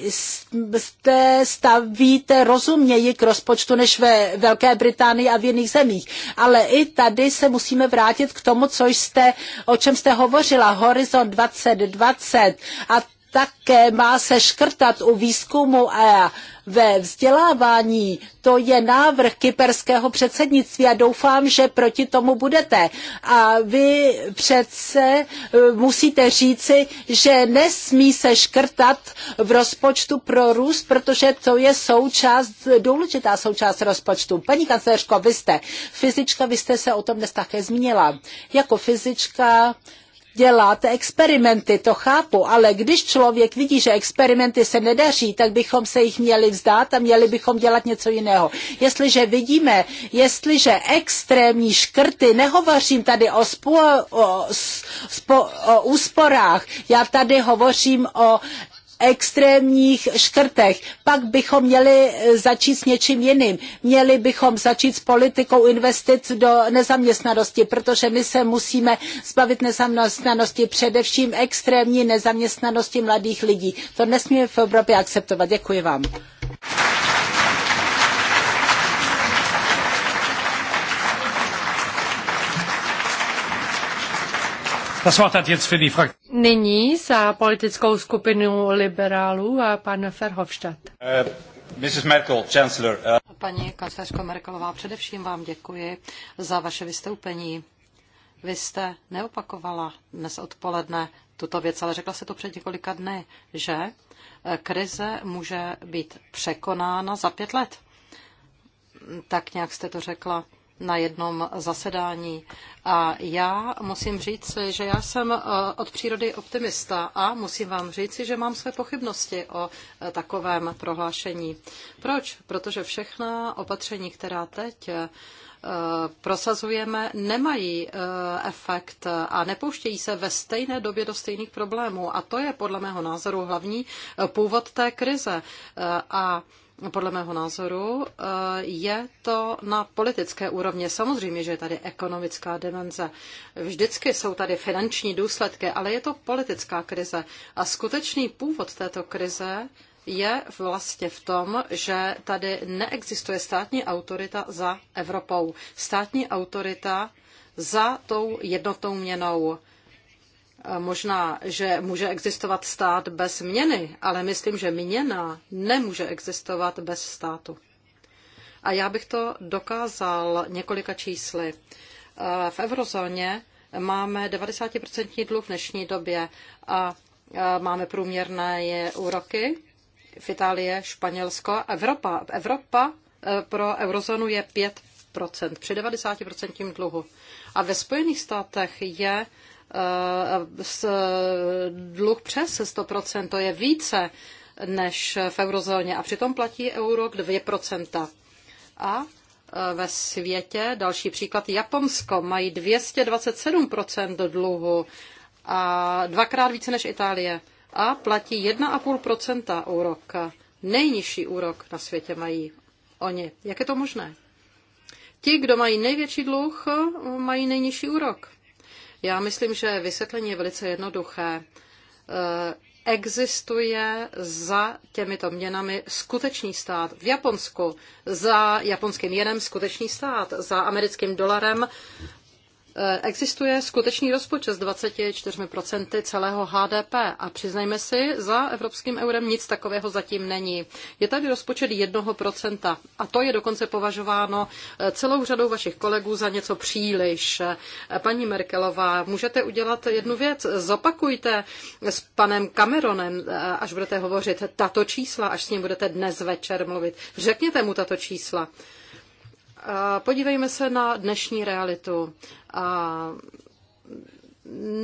jste stavíte rozuměji k rozpočtu než ve Velké Británii a v jiných zemích. Ale i tady se musíme vrátit k tomu, co jste, o čem jste hovořila, Horizon 2020 a také má se škrtat u výzkumu a ve vzdělávání. To je návrh kyperského předsednictví a doufám, že proti tomu budete. A vy přece eh, musíte říci, že nesmí se škrtat v rozpočtu pro růst, protože to je součást, důležitá součást rozpočtu. Paní kancelářko, vy jste fyzička, vy jste se o tom dnes také zmínila. Jako fyzička dělat experimenty, to chápu, ale když člověk vidí, že experimenty se nedaří, tak bychom se jich měli vzdát a měli bychom dělat něco jiného. Jestliže vidíme, jestliže extrémní škrty, nehovořím tady o, spo, o, spo, o úsporách, já tady hovořím o extrémních škrtech. Pak bychom měli eh, začít s něčím jiným. Měli bychom začít s politikou investic do nezaměstnanosti, protože my se musíme zbavit nezaměstnanosti, především extrémní nezaměstnanosti mladých lidí. To nesmíme v Evropě akceptovat. Děkuji vám. Nyní za politickou skupinu liberálů a pan Verhofstadt. Uh, Mrs. Merkel, Chancellor. Uh... Paní kancelářko Merkelová, především vám děkuji za vaše vystoupení. Vy jste neopakovala dnes odpoledne tuto věc, ale řekla se to před několika dny, že eh, krize může být překonána za pět let. Tak nějak jste to řekla na jednom zasedání. A já musím říct, že já jsem eh, od přírody optimista a musím vám říct, že mám své pochybnosti o eh, takovém prohlášení. Proč? Protože všechna opatření, která teď eh, prosazujeme, nemají efekt a nepouštějí se ve stejné době do stejných problémů. A to je podle mého názoru hlavní původ té krize. A podle mého názoru, eh, je to na politické úrovni. Samozřejmě, že je tady ekonomická dimenze. Vždycky jsou tady finanční důsledky, ale je to politická krize. A skutečný původ této krize je vlastně v tom, že tady neexistuje státní autorita za Evropou. Státní autorita za tou jednotnou měnou. Možná, že může existovat stát bez měny, ale myslím, že měna nemůže existovat bez státu. A já bych to dokázal několika čísly. Eh, v eurozóně máme 90% dluh v dnešní době a eh, máme průměrné úroky v Itálii, Španělsko. Evropa, Evropa eh, pro eurozónu je 5%, při 90% dluhu. A ve Spojených státech je Eh, dluh přes 100%, to je více než v eurozóně a přitom platí euro 2%. A eh, ve světě, další příklad, Japonsko mají 227% dluhu a dvakrát více než Itálie a platí 1,5% úrok. Nejnižší úrok na světě mají oni. Jak je to možné? Ti, kdo mají největší dluh, mají nejnižší úrok. Já myslím, že vysvětlení je velice jednoduché. Eh, existuje za těmito měnami skutečný stát. V Japonsku za japonským jenem skutečný stát, za americkým dolarem Eh, existuje skutečný rozpočet s 24% celého HDP a přiznejme si, za evropským eurem nic takového zatím není. Je tady rozpočet 1% a to je dokonce považováno eh, celou řadou vašich kolegů za něco příliš. Eh, paní Merkelová, můžete udělat jednu věc. Zopakujte s panem Cameronem, až budete hovořit tato čísla, až s ním budete dnes večer mluvit. Řekněte mu tato čísla. Podívejme se na dnešní realitu a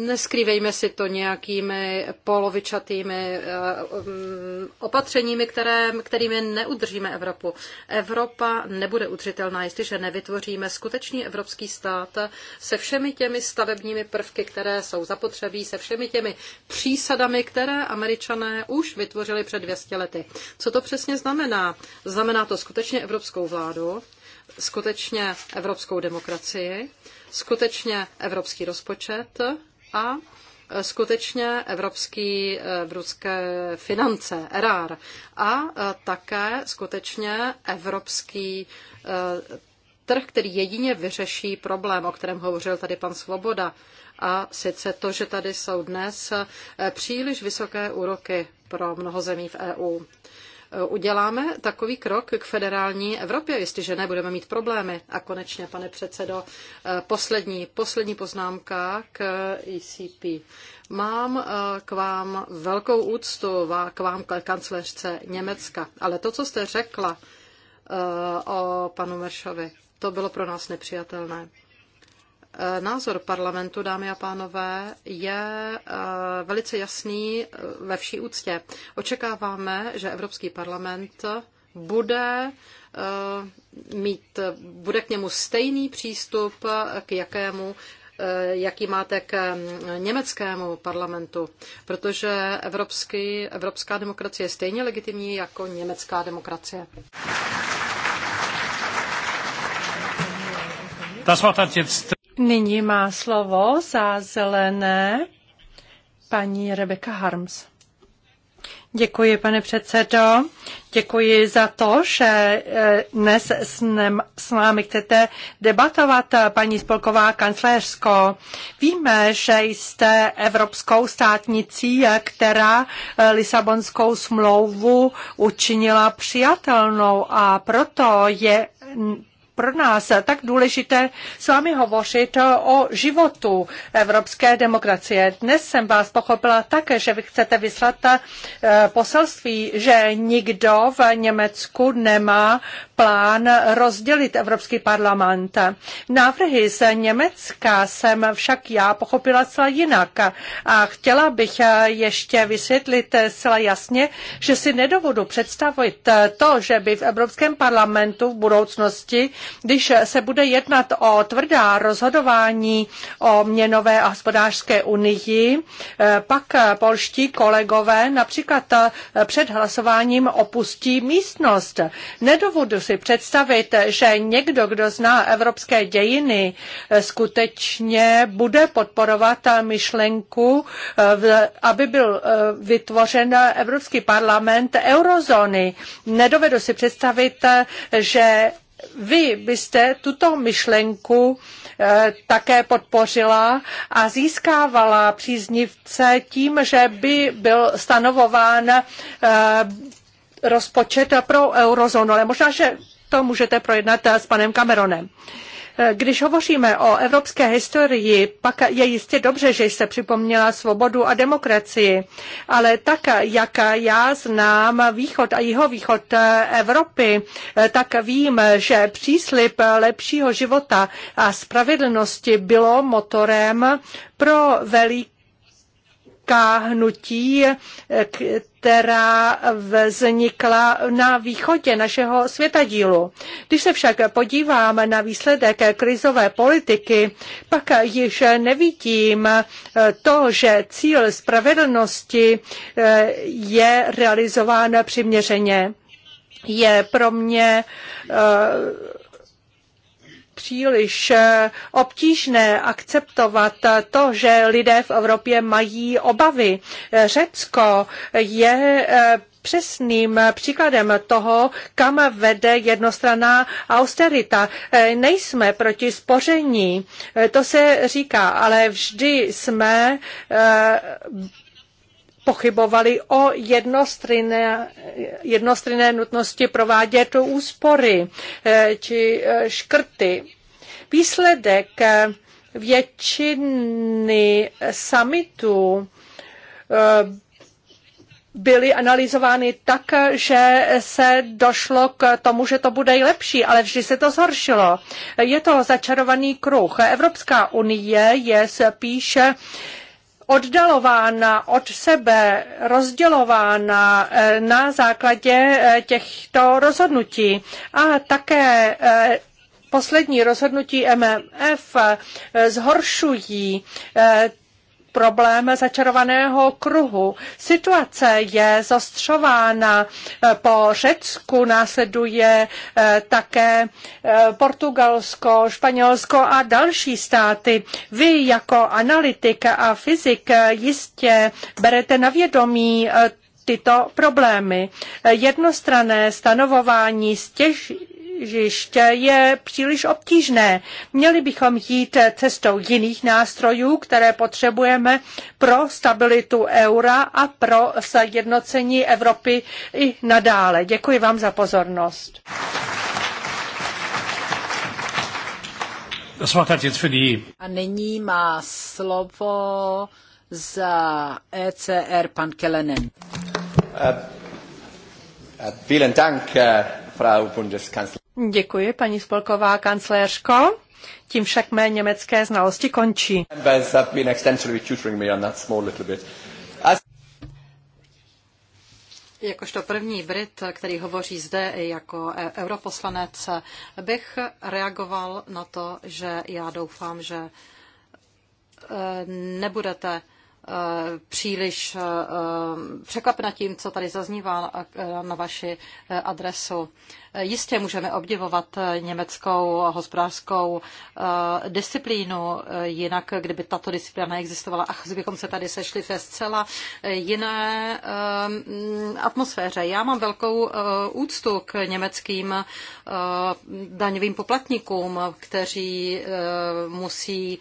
neskrývejme si to nějakými polovičatými eh, mm, opatřeními, které, kterými neudržíme Evropu. Evropa nebude udržitelná, jestliže nevytvoříme skutečný evropský stát se všemi těmi stavebními prvky, které jsou zapotřebí, se všemi těmi přísadami, které američané už vytvořili před 200 lety. Co to přesně znamená? Znamená to skutečně evropskou vládu, skutečně evropskou demokracii, skutečně evropský rozpočet a e, skutečně evropský evropské finance, erár, a e, také skutečně evropský e, trh, který jedině vyřeší problém, o kterém hovořil tady pan Svoboda. A sice to, že tady jsou dnes příliš vysoké úroky pro mnoho zemí v EU. Eh, uděláme takový krok k federální Evropě, jestliže ne, budeme mít problémy. A konečně, pane předsedo, eh, poslední, poslední poznámka k ECP. Mám eh, k vám velkou úctu, k vám k kancléřce Německa, ale to, co jste řekla o panu Meršovi, to bylo pro nás nepřijatelné. Eh, názor parlamentu, dámy a pánové, je eh, velice jasný eh, ve vší úctě. Očekáváme, že Evropský parlament bude mít, bude k němu stejný přístup, k jakému jaký máte k mm, německému parlamentu, protože evropský, evropská demokracie je stejně legitimní jako německá demokracie. Das Wort hat jetzt Nyní má slovo za zelené paní Rebecca Harms. Děkuji, pane předsedo. Děkuji za to, že eh, dnes s, s námi chcete debatovat, paní spolková kancléřsko. Víme, že jste evropskou státnicí, která eh, Lisabonskou smlouvu učinila přijatelnou a proto je pro nás tak důležité s vámi hovořit o životu evropské demokracie. Dnes jsem vás pochopila tak, že vy chcete vyslat eh, poselství, že nikdo v Německu nemá plán rozdělit Evropský parlament. Návrhy z Německa jsem však já pochopila celá jinak a chtěla bych eh, ještě vysvětlit celá jasně, že si nedovodu představit to, že by v Evropském parlamentu v budoucnosti když se bude jednat o tvrdá rozhodování o měnové a hospodářské unii, eh, pak polští kolegové například eh, před hlasováním opustí místnost. Nedovodu si představit, že někdo, kdo zná evropské dějiny, eh, skutečně bude podporovat myšlenku, aby byl vytvořen Evropský parlament eurozóny. Nedovedu si představit, že vy byste tuto myšlenku eh, také podpořila a získávala příznivce tím, že by byl stanovován eh, rozpočet pro eurozónu. Ale možná, že to můžete projednat eh, s panem Cameronem. Když hovoříme o evropské historii, pak je jistě dobře, že jste připomněla svobodu a demokracii, ale tak, jak já znám východ a jihovýchod Evropy, tak vím, že příslip lepšího života a spravedlnosti bylo motorem pro veliký hnutí, která vznikla na východě našeho světadílu. Když se však podívám na výsledek krizové politiky, pak již nevidím to, že cíl spravedlnosti eh, je realizován přiměřeně. Je pro mě uh, příliš eh, obtížné akceptovat eh, to, že lidé v Evropě mají obavy. Eh, Řecko je přesným příkladem toho, kam vede jednostranná austerita. Nejsme proti spoření, to se říká, ale vždy jsme pochybovali o jednostranné jednostranné nutnosti provádět úspory eh, či eh, škrty. Výsledek eh, většiny summitů byly analyzovány tak, že se došlo k tomu, že to bude lepší, ale vždy se to zhoršilo. Je to začarovaný kruh. Evropská unie je spíše oddalována od sebe, rozdělována eh, na základě eh, těchto rozhodnutí. A také eh, poslední rozhodnutí MMF zhoršují problém začarovaného kruhu. Situace je zostřována. Po Řecku následuje eh, také eh, Portugalsko, Španělsko a další státy. Vy jako analytik a fyzik eh, jistě berete na vědomí tyto problémy. Jednostrané stanovování stěží těžiště je příliš obtížné. Měli bychom jít cestou jiných nástrojů, které potřebujeme pro stabilitu eura a pro sjednocení Evropy i nadále. Děkuji vám za pozornost. A nyní má slovo za ECR pan Kelenen. Uh, uh, vielen Dank, uh... Frau Bundeskanzlerin. Děkuji, paní spolková kancléřko. Tím však mé německé znalosti končí. Uh, Jakožto první Brit, který hovoří zde jako e- europoslanec, bych reagoval na to, že já doufám, že e, nebudete příliš eh, eh, překvapena tím, co tady zaznívá eh, na vaši adresu. Jistě můžeme obdivovat eh, německou hospodářskou eh, disciplínu, eh, jinak kdyby tato disciplína neexistovala, ach, bychom se tady sešli ve zcela jiné atmosféře. Já mám velkou úctu k německým daňovým poplatníkům, kteří musí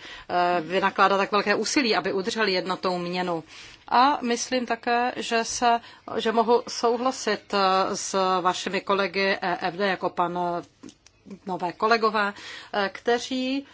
vynakládat tak velké úsilí, aby udrželi jednotnou měnu. A myslím také, že, se, že mohu souhlasit eh, s vašimi kolegy EFD, jako pan eh, nové kolegové, eh, kteří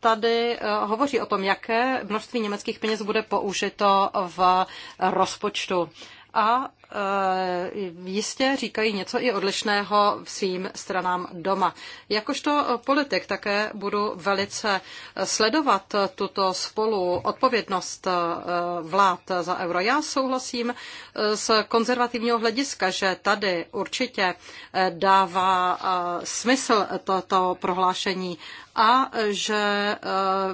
tady hovoří o tom, jaké množství německých peněz bude použito v rozpočtu. A Eh, jistě říkají něco i odlišného svým stranám doma. Jakožto politik také budu velice sledovat tuto spolu odpovědnost eh, vlád za euro. Já souhlasím s eh, konzervativního hlediska, že tady určitě dává smysl toto prohlášení a že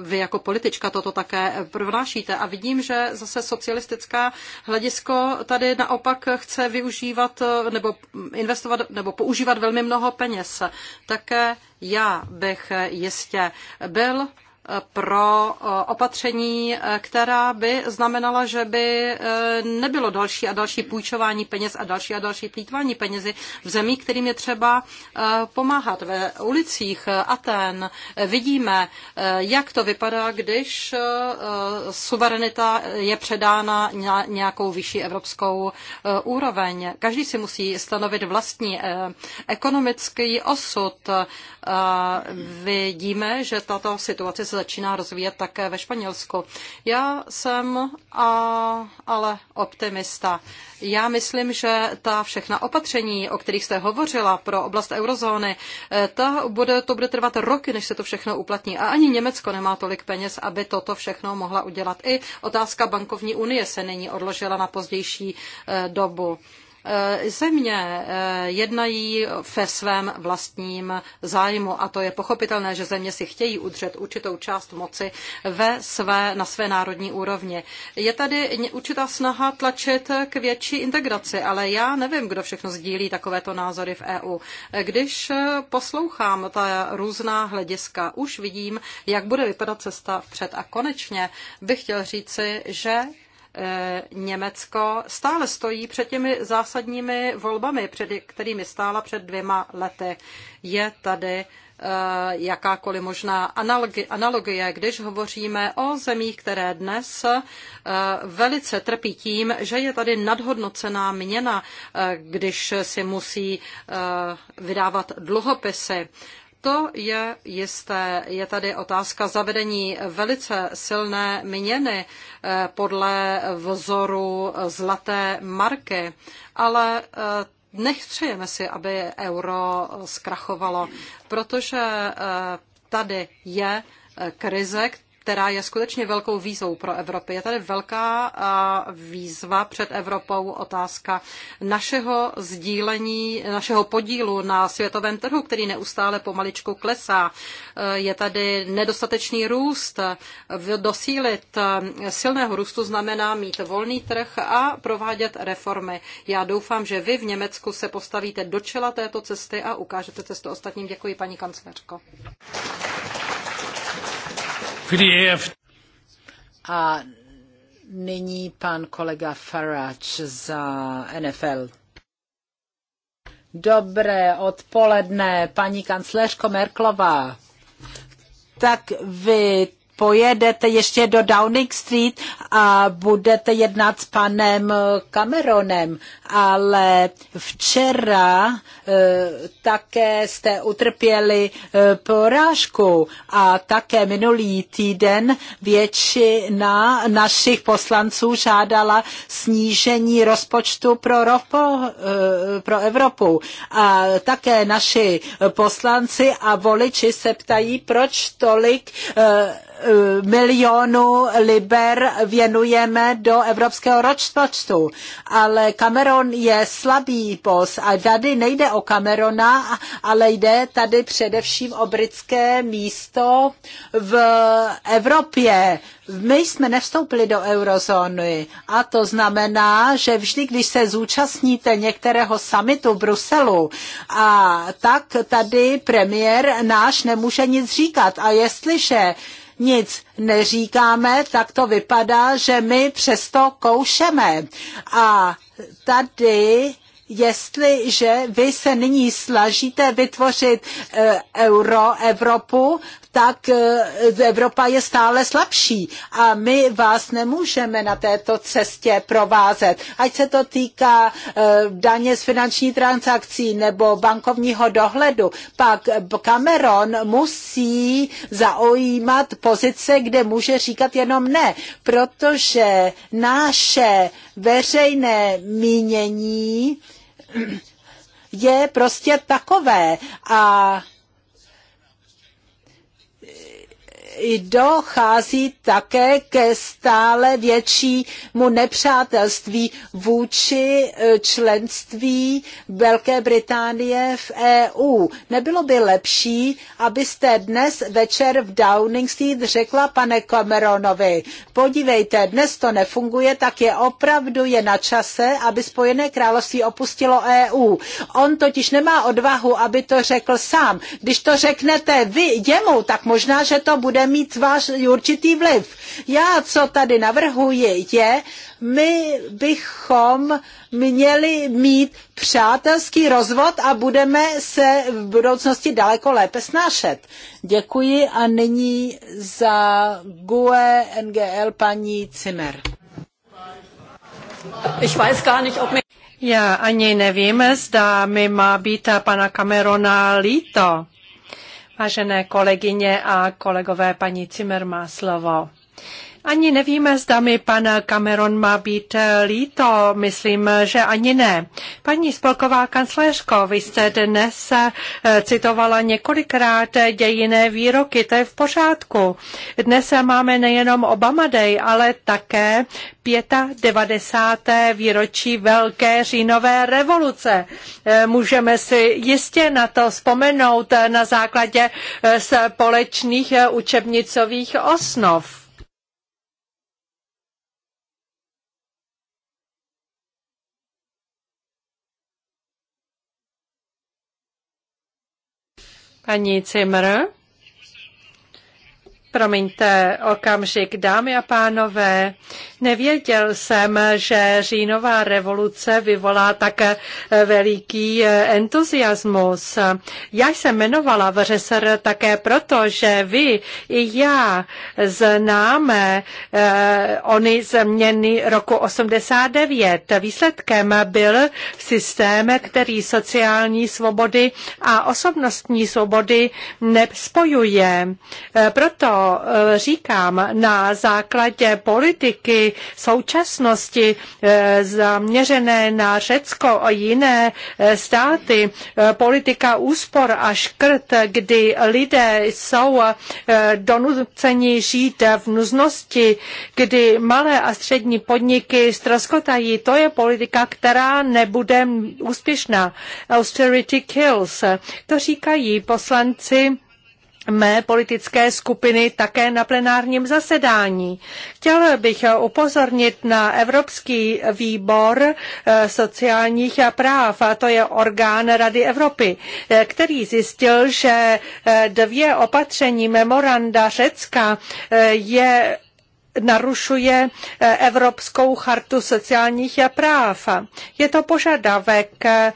vy jako politička toto také pronášíte. A vidím, že zase socialistická hledisko tady naopak chce využívat eh, nebo investovat nebo používat velmi mnoho peněz. Také já bych jistě byl pro eh, opatření, eh, která by znamenala, že by eh, nebylo další a další půjčování peněz a další a další plítvání penězi v zemí, kterým je třeba pomáhat. Ve ulicích Aten vidíme, jak to vypadá, když suverenita je předána na nějakou vyšší evropskou úroveň. Každý si musí stanovit vlastní ekonomický osud. Vidíme, že tato situace se začíná rozvíjet také ve Španělsku. Já jsem a, ale optimista. Já myslím, že ta všechna opatření, o kterých jste hovořila pro oblast eurozóny, eh, ta bude, to bude trvat roky, než se to všechno uplatní. A ani Německo nemá tolik peněz, aby toto všechno mohla udělat. I otázka bankovní unie se není odložila na pozdější eh, dobu. Eh, země eh, jednají ve svém vlastním zájmu a to je pochopitelné, že země si chtějí udržet určitou část moci ve své, na své národní úrovni. Je tady určitá snaha tlačit k větší integraci, ale já nevím, kdo všechno sdílí takovéto názory v EU. Eh, když poslouchám ta různá hlediska, už vidím, jak bude vypadat cesta vpřed. A konečně bych chtěl říci, že Eh, Německo stále stojí před těmi zásadními volbami, před kterými stála před dvěma lety. Je tady eh, jakákoliv možná analogie, když hovoříme o zemích, které dnes eh, velice trpí tím, že je tady nadhodnocená měna, když si musí vydávat dluhopisy. To je jisté. Je tady otázka zavedení velice silné měny eh, podle vzoru zlaté marky, ale eh, nechřejeme si, aby euro zkrachovalo, protože eh, tady je krize, která je skutečně velkou výzvou pro Evropu. Je tady velká výzva před Evropou, otázka našeho sdílení, našeho podílu na světovém trhu, který neustále pomaličku klesá. E, je tady nedostatečný růst. Dosílit e, silného růstu znamená mít volný trh a provádět reformy. Já doufám, že vy v Německu se postavíte do čela této cesty a ukážete cestu ostatním. Děkuji, paní kancléřko. E A nyní pan kolega Farage za NFL. Dobré odpoledne, paní kancléřko Merklová. Tak vy pojedete ještě do Downing Street a budete jednat s panem Cameronem, ale včera eh, také jste utrpěli eh, porážku a také minulý týden většina našich poslanců žádala snížení rozpočtu pro, Ropo, eh, pro Evropu. A také naši poslanci a voliči se ptají, proč tolik Eh, milionů liber věnujeme do evropského rozpočtu. Ale Cameron je slabý pos a tady nejde o Camerona, ale jde tady především o britské místo v Evropě. My jsme nevstoupili do eurozóny a to znamená, že vždy, když se zúčastníte některého samitu v Bruselu, a tak tady premiér náš nemůže nic říkat. A jestliže uh, nic neříkáme, tak to vypadá, že my přesto koušeme. A tady jestliže vy se nyní slažíte vytvořit eh, euro Evropu, tak eh, Evropa je stále slabší a my vás nemůžeme na této cestě provázet. Ať se to týká eh, daně z finanční transakcí nebo bankovního dohledu, pak Cameron musí zaujímat pozice, kde může říkat jenom ne, protože naše veřejné mínění je prostě takové a dochází také ke stále většímu nepřátelství vůči e, členství Velké Británie v EU. Nebylo by lepší, abyste dnes večer v Downing Street řekla pane Cameronovi, podívejte, dnes to nefunguje, tak je opravdu je na čase, aby Spojené království opustilo EU. On totiž nemá odvahu, aby to řekl sám. Když to řeknete vy jemu, tak možná, že to bude mít váš určitý vliv. Já, co tady navrhuji, je, my bychom měli mít přátelský rozvod a budeme se v budoucnosti daleko lépe snášet. Děkuji a nyní za GUE NGL paní Cimer. já ani nevím, zda mi má být pana Camerona líto. Vážené kolegyně a kolegové, paní Cimer má slovo. Ani nevíme, zda mi pan Cameron má být eh, líto, myslím, že ani ne. Paní spolková kancléřko, vy jste dnes eh, citovala několikrát dějiné výroky, to je v pořádku. Dnes máme nejenom Obama Day, ale také 95. výročí Velké říjnové revoluce. Eh, můžeme si jistě na to vzpomenout na základě společných učebnicových osnov. Paní Cimr, promiňte okamžik, dámy a pánové, Nevěděl jsem, že říjnová revoluce vyvolá tak eh, veliký eh, entuziasmus. Já jsem jmenovala Vřesr také proto, že vy i já známe eh, ony změny roku 89. Výsledkem byl systém, který sociální svobody a osobnostní svobody nespojuje. Eh, proto říkám, na základě politiky současnosti eh, zaměřené na Řecko a jiné eh, státy, eh, politika úspor a škrt, kdy lidé jsou donuceni žít v nuznosti, kdy malé a střední podniky ztroskotají, to je politika, která nebude úspěšná. Austerity kills. To říkají poslanci mé politické skupiny také na plenárním zasedání. Chtěl bych upozornit na Evropský výbor eh, sociálních práv, a to je orgán Rady Evropy, eh, který zjistil, že eh, dvě opatření memoranda Řecka je narušuje eh, Evropskou chartu sociálních práv. Je to požadavek eh,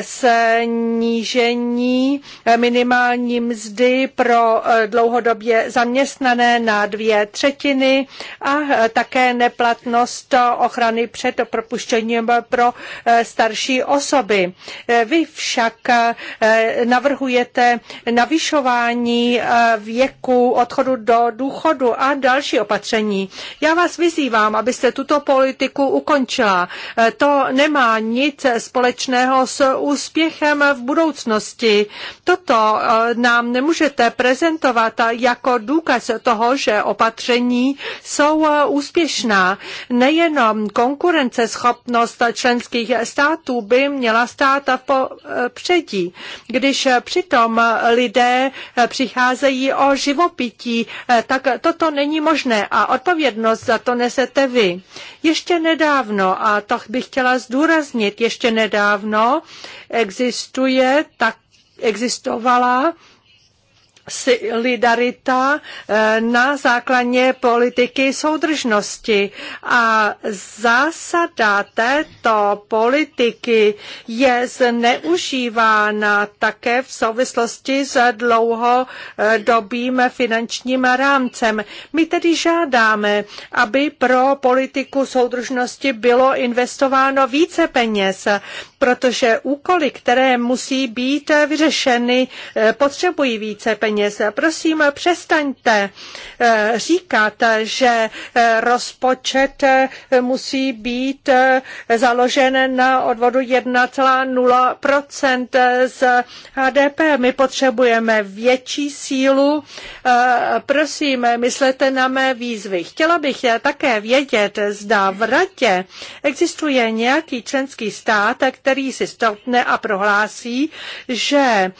snížení eh, minimální mzdy pro dlouhodobě zaměstnané na dvě třetiny a také neplatnost ochrany před propuštěním pro starší osoby. Vy však navrhujete navyšování věku odchodu do důchodu a další opatření zemí. Já vás vyzývám, abyste tuto politiku ukončila. E, to nemá nic společného s úspěchem v budoucnosti. Toto e, nám nemůžete prezentovat jako důkaz toho, že opatření jsou e, úspěšná. Nejenom konkurenceschopnost členských států by měla stát v předí, když přitom lidé přicházejí o živopití, tak toto není možné a od Odpovědnost za to nesete vy. Ještě nedávno, a to bych chtěla zdůraznit, ještě nedávno existuje tak, existovala solidarita eh, na základě politiky soudržnosti. A zásada této politiky je zneužívána také v souvislosti s dlouhodobým finančním rámcem. My tedy žádáme, aby pro politiku soudržnosti bylo investováno více peněz, protože úkoly, které musí být vyřešeny, eh, potřebují více peněz peněz. Prosím, přestaňte eh, říkat, že eh, rozpočet eh, musí být založen na odvodu 1,0 z HDP. My potřebujeme větší sílu. Prosím, myslete na mé výzvy. Chtěla bych také vědět, zda v Radě existuje nějaký členský stát, který si stoupne a prohlásí, že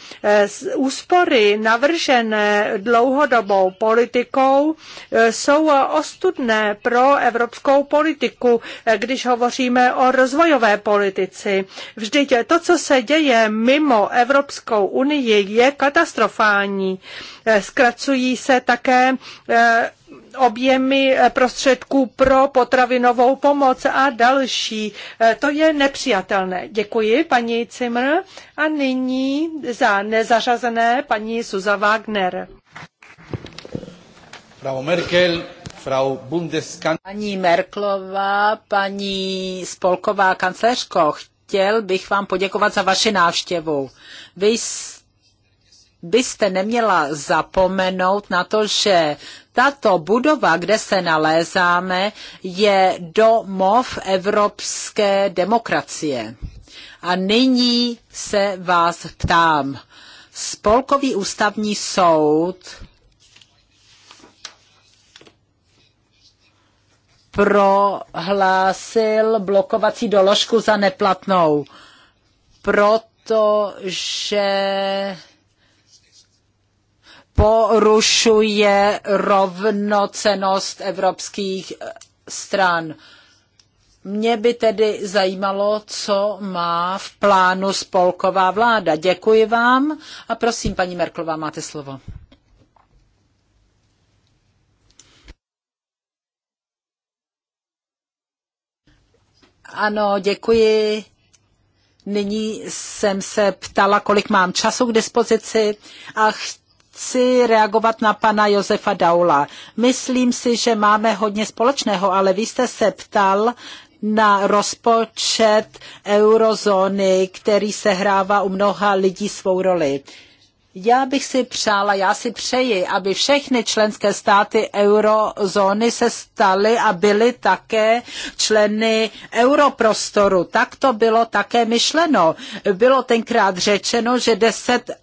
úspory navržené neřešené dlouhodobou politikou e, jsou ostudné pro evropskou politiku, e, když hovoříme o rozvojové politici. Vždyť to, co se děje mimo Evropskou unii, je katastrofální. E, zkracují se také objemy eh, prostředků pro potravinovou pomoc a další. Eh, to je nepřijatelné. Děkuji, paní Cimr. A nyní za nezařazené paní Suza Wagner. Frau Merkel, Frau Bundeskan... Paní Merklová, paní spolková kancléřko, chtěl bych vám poděkovat za vaši návštěvu. Vy byste neměla zapomenout na to, že tato budova, kde se nalézáme, je domov evropské demokracie. A nyní se vás ptám. Spolkový ústavní soud prohlásil blokovací doložku za neplatnou, protože porušuje rovnocenost evropských eh, stran. Mě by tedy zajímalo, co má v plánu spolková vláda. Děkuji vám a prosím, paní Merklová, máte slovo. Ano, děkuji. Nyní jsem se ptala, kolik mám času k dispozici a chtěla chci reagovat na pana Josefa Daula. Myslím si, že máme hodně společného, ale vy jste se ptal na rozpočet eurozóny, který sehrává u mnoha lidí svou roli. Já bych si přála, já si přeji, aby všechny členské státy eurozóny se staly a byly také členy europrostoru. Tak to bylo také myšleno. Bylo tenkrát řečeno, že 10-20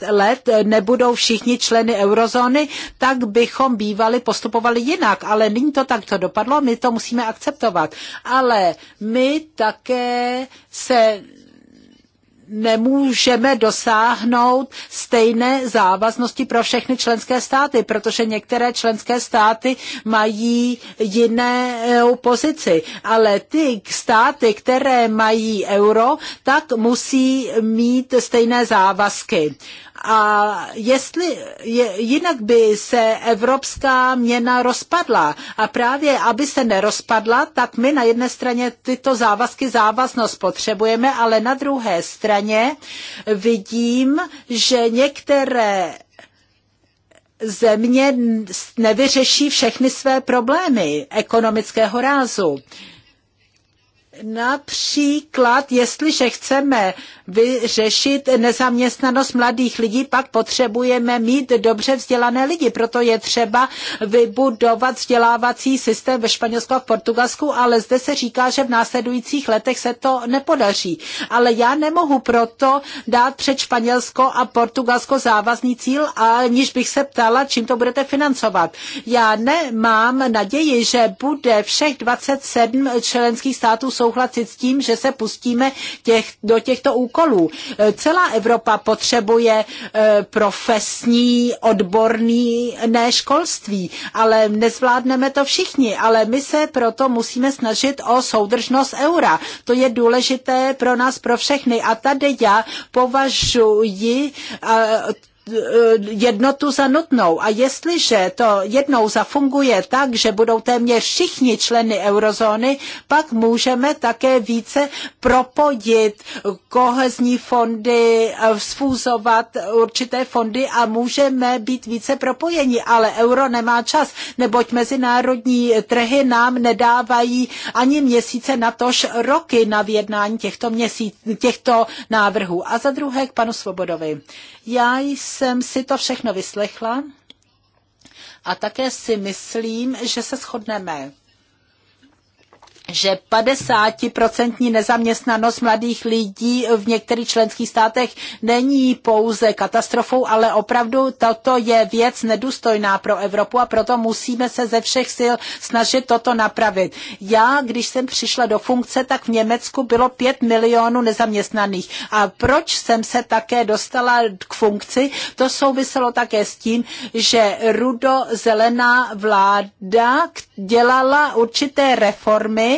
eh, let eh, nebudou všichni členy eurozóny, tak bychom bývali postupovali jinak, ale nyní to takto dopadlo, my to musíme akceptovat. Ale my také se nemůžeme dosáhnout stejné závaznosti pro všechny členské státy, protože některé členské státy mají jiné eh, pozici. Ale ty státy, které mají euro, tak musí mít stejné závazky. A jestli je, jinak by se evropská měna rozpadla. A právě, aby se nerozpadla, tak my na jedné straně tyto závazky závaznost potřebujeme, ale na druhé straně vidím, že některé země nevyřeší všechny své problémy ekonomického rázu. Například, jestliže chceme vyřešit nezaměstnanost mladých lidí, pak potřebujeme mít dobře vzdělané lidi. Proto je třeba vybudovat vzdělávací systém ve Španělsku a v Portugalsku, ale zde se říká, že v následujících letech se to nepodaří. Ale já nemohu proto dát před Španělsko a Portugalsko závazný cíl, aniž bych se ptala, čím to budete financovat. Já nemám naději, že bude všech 27 členských států souhlasit s tím, že se pustíme těch, do těchto úkolů úkolů. Eh, Celá Evropa potřebuje eh, profesní, odborný ne školství, ale nezvládneme to všichni, ale my se proto musíme snažit o soudržnost eura. To je důležité pro nás, pro všechny. A tady já považuji eh, Eh, jednotu za nutnou. A jestliže to jednou zafunguje tak, že budou téměř všichni členy eurozóny, pak můžeme také více propodit kohezní fondy, eh, sfúzovat určité fondy a můžeme být více propojeni. Ale euro nemá čas, neboť mezinárodní trhy nám nedávají ani měsíce, natož roky na vyjednání těchto, měsíc, těchto návrhů. A za druhé k panu Svobodovi. Já jsem si to všechno vyslechla a také si myslím, že se shodneme že 50% nezaměstnanost mladých lidí v některých členských státech není pouze katastrofou, ale opravdu toto je věc nedůstojná pro Evropu a proto musíme se ze všech sil snažit toto napravit. Já, když jsem přišla do funkce, tak v Německu bylo 5 milionů nezaměstnaných. A proč jsem se také dostala k funkci? To souviselo také s tím, že rudo-zelená vláda dělala určité reformy,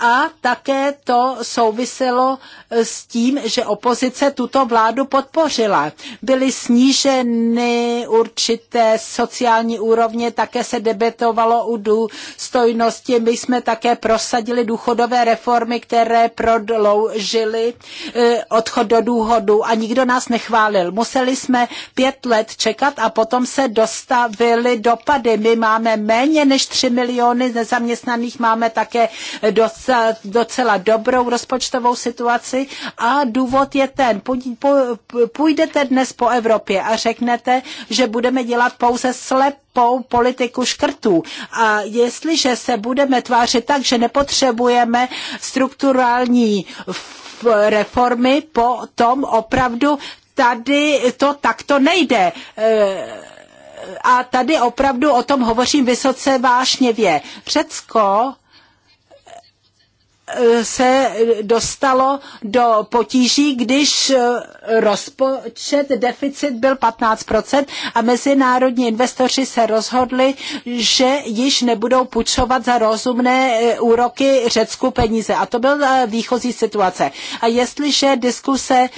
a také to souviselo s tím, že opozice tuto vládu podpořila. Byly sníženy určité sociální úrovně, také se debetovalo u důstojnosti. My jsme také prosadili důchodové reformy, které prodloužily e, odchod do důhodu a nikdo nás nechválil. Museli jsme pět let čekat a potom se dostavili dopady. My máme méně než 3 miliony nezaměstnaných, máme také dost za docela dobrou rozpočtovou situaci a důvod je ten, půjdete dnes po Evropě a řeknete, že budeme dělat pouze slep politiku škrtů. A jestliže se budeme tvářit tak, že nepotřebujeme strukturální reformy, po tom opravdu tady to takto nejde e, a tady opravdu o tom hovořím vysoce vášněvě. Řecko Eh, se dostalo do potíží, když eh, rozpočet deficit byl 15% a mezinárodní investoři se rozhodli, že již nebudou půjčovat za rozumné eh, úroky Řecku peníze. A to byla výchozí situace. A jestliže diskuse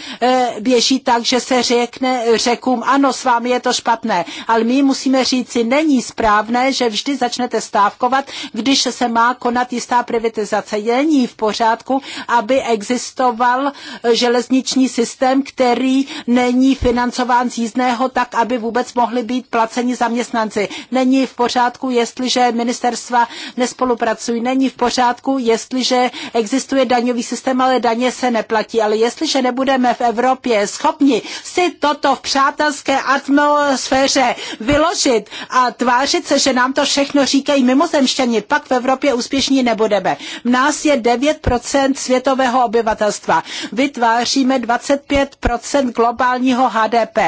běží tak, že se řekne Řekům, ano, s vámi je to špatné, ale my musíme říci, není správné, že vždy začnete stávkovat, když se má konat jistá privatizace. Není není v pořádku, aby existoval železniční systém, který není financován z jízdného tak, aby vůbec mohli být placeni zaměstnanci. Není v pořádku, jestliže ministerstva nespolupracují. Není v pořádku, jestliže existuje daňový systém, ale daně se neplatí. Ale jestliže nebudeme v Evropě schopni si toto v přátelské atmosféře vyložit a tvářit se, že nám to všechno říkají mimozemštěni, pak v Evropě úspěšní nebudeme. V nás je 9% světového obyvatelstva. Vytváříme 25% globálního HDP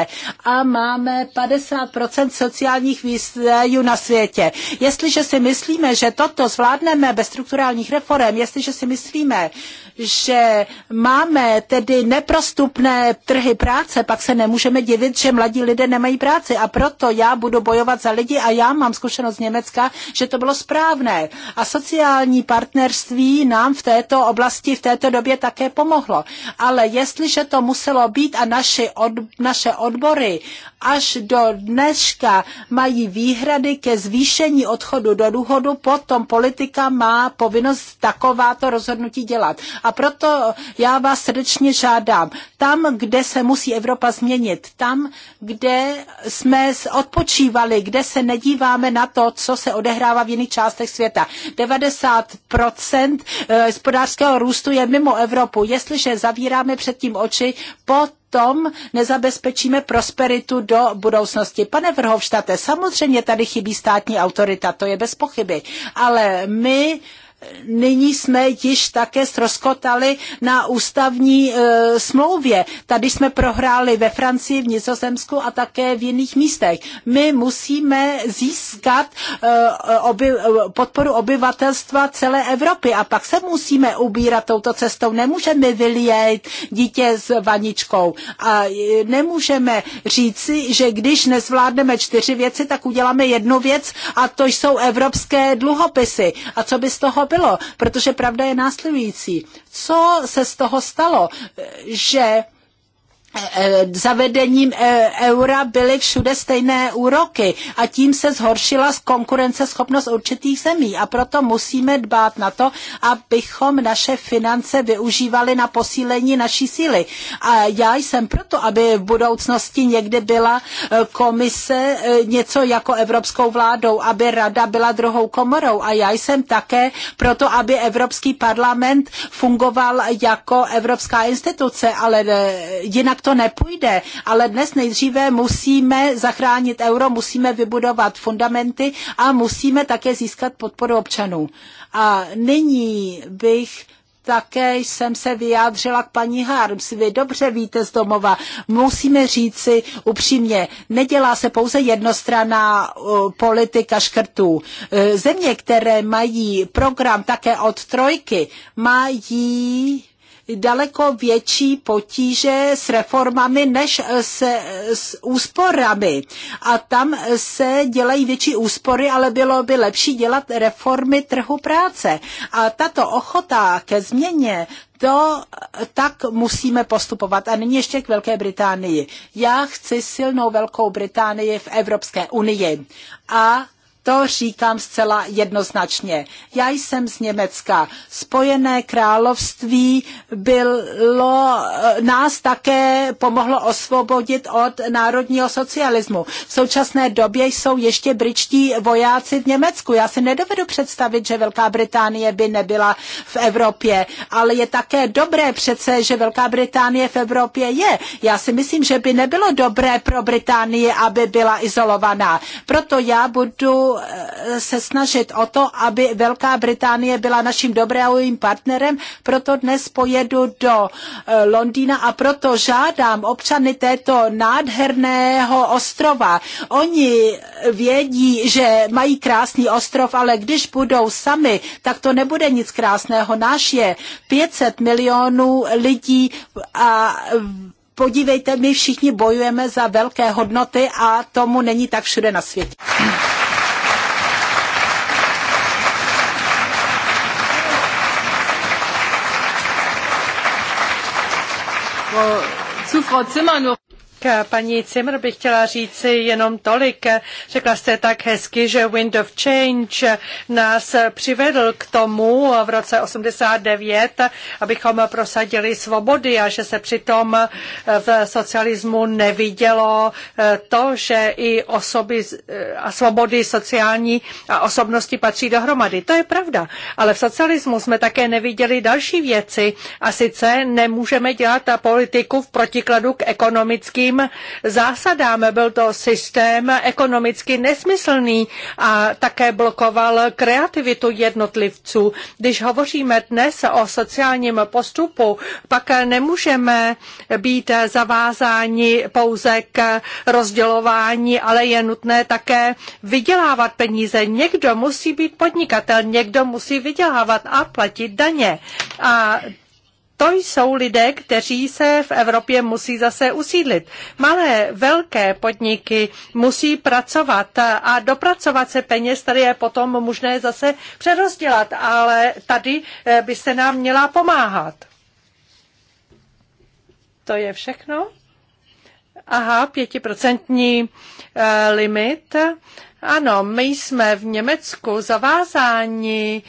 a máme 50% sociálních výdajů na světě. Jestliže si myslíme, že toto zvládneme bez strukturálních reform, jestliže si myslíme, že máme tedy neprostupné trhy práce, pak se nemůžeme divit, že mladí lidé nemají práci. A proto já budu bojovat za lidi a já mám zkušenost z Německa, že to bylo správné. A sociální partnerství nám v této oblasti v této době také pomohlo. Ale jestliže to muselo být a naše od, naše odbory až do dneška mají výhrady ke zvýšení odchodu do důchodu, potom politika má povinnost takováto rozhodnutí dělat. A proto já vás srdečně žádám, tam, kde se musí Evropa změnit, tam, kde jsme odpočívali, kde se nedíváme na to, co se odehrává v jiných částech světa. 90% Eh, hospodářského růstu je mimo Evropu. Jestliže zavíráme před tím oči, potom nezabezpečíme prosperitu do budoucnosti. Pane Vrhovštate, samozřejmě tady chybí státní autorita, to je bez pochyby, ale my nyní jsme již také stroskotali na ústavní e, smlouvě. Tady jsme prohráli ve Francii, v Nizozemsku a také v jiných místech. My musíme získat e, oby, e, podporu obyvatelstva celé Evropy a pak se musíme ubírat touto cestou. Nemůžeme vylít dítě s vaničkou a nemůžeme říci, že když nezvládneme čtyři věci, tak uděláme jednu věc a to jsou evropské dluhopisy. A co by z toho bylo? bylo, protože pravda je následující. Co se z toho stalo, že Eh, zavedením eh, eura byly všude stejné úroky a tím se zhoršila konkurenceschopnost určitých zemí a proto musíme dbát na to, abychom naše finance využívali na posílení naší síly. A já jsem proto, aby v budoucnosti někdy byla eh, komise něco jako evropskou vládou, aby rada byla druhou komorou a já jsem také proto, aby Evropský parlament fungoval jako evropská instituce, ale jinak to nepůjde, ale dnes nejdříve musíme zachránit euro, musíme vybudovat fundamenty a musíme také získat podporu občanů. A nyní bych také jsem se vyjádřila k paní Harms. Vy dobře víte z domova, musíme říci upřímně, nedělá se pouze jednostranná uh, politika škrtů. Uh, země, které mají program také od trojky, mají daleko větší potíže s reformami než se, s úsporami. A tam se dělají větší úspory, ale bylo by lepší dělat reformy trhu práce. A tato ochota ke změně to tak musíme postupovat. A nyní ještě k Velké Británii. Já chci silnou Velkou Británii v Evropské unii. A to říkám zcela jednoznačně. Já jsem z Německa. Spojené království bylo, eh, nás také pomohlo osvobodit od národního socialismu. V současné době jsou ještě britští vojáci v Německu. Já si nedovedu představit, že Velká Británie by nebyla v Evropě, ale je také dobré přece, že Velká Británie v Evropě je. Já si myslím, že by nebylo dobré pro Británii, aby byla izolovaná. Proto já budu se snažit o to, aby Velká Británie byla naším dobrým partnerem, proto dnes pojedu do eh, Londýna a proto žádám občany této nádherného ostrova. Oni vědí, že mají krásný ostrov, ale když budou sami, tak to nebude nic krásného. Náš je 500 milionů lidí a podívejte, my všichni bojujeme za velké hodnoty a tomu není tak všude na světě. zu frau zimmer nur paní Cimr bych chtěla říci jenom tolik. Řekla jste tak hezky, že Wind of Change nás přivedl k tomu v roce 89, abychom prosadili svobody a že se přitom v socialismu nevidělo eh, to, že i osoby eh, a svobody sociální a osobnosti patří dohromady. To je pravda. Ale v socialismu jsme také neviděli další věci a sice nemůžeme dělat politiku v protikladu k ekonomickým určitým zásadám. Byl to systém ekonomicky nesmyslný a také blokoval kreativitu jednotlivců. Když hovoříme dnes o sociálním postupu, pak nemůžeme být zavázáni pouze k rozdělování, ale je nutné také vydělávat peníze. Někdo musí být podnikatel, někdo musí vydělávat a platit daně. A to jsou lidé, kteří se v Evropě musí zase usídlit. Malé, velké podniky musí pracovat a dopracovat se peněz, tady je potom možné zase přerozdělat, ale tady eh, byste nám měla pomáhat. To je všechno. Aha, pětiprocentní eh, limit. Ano, my jsme v Německu zavázáni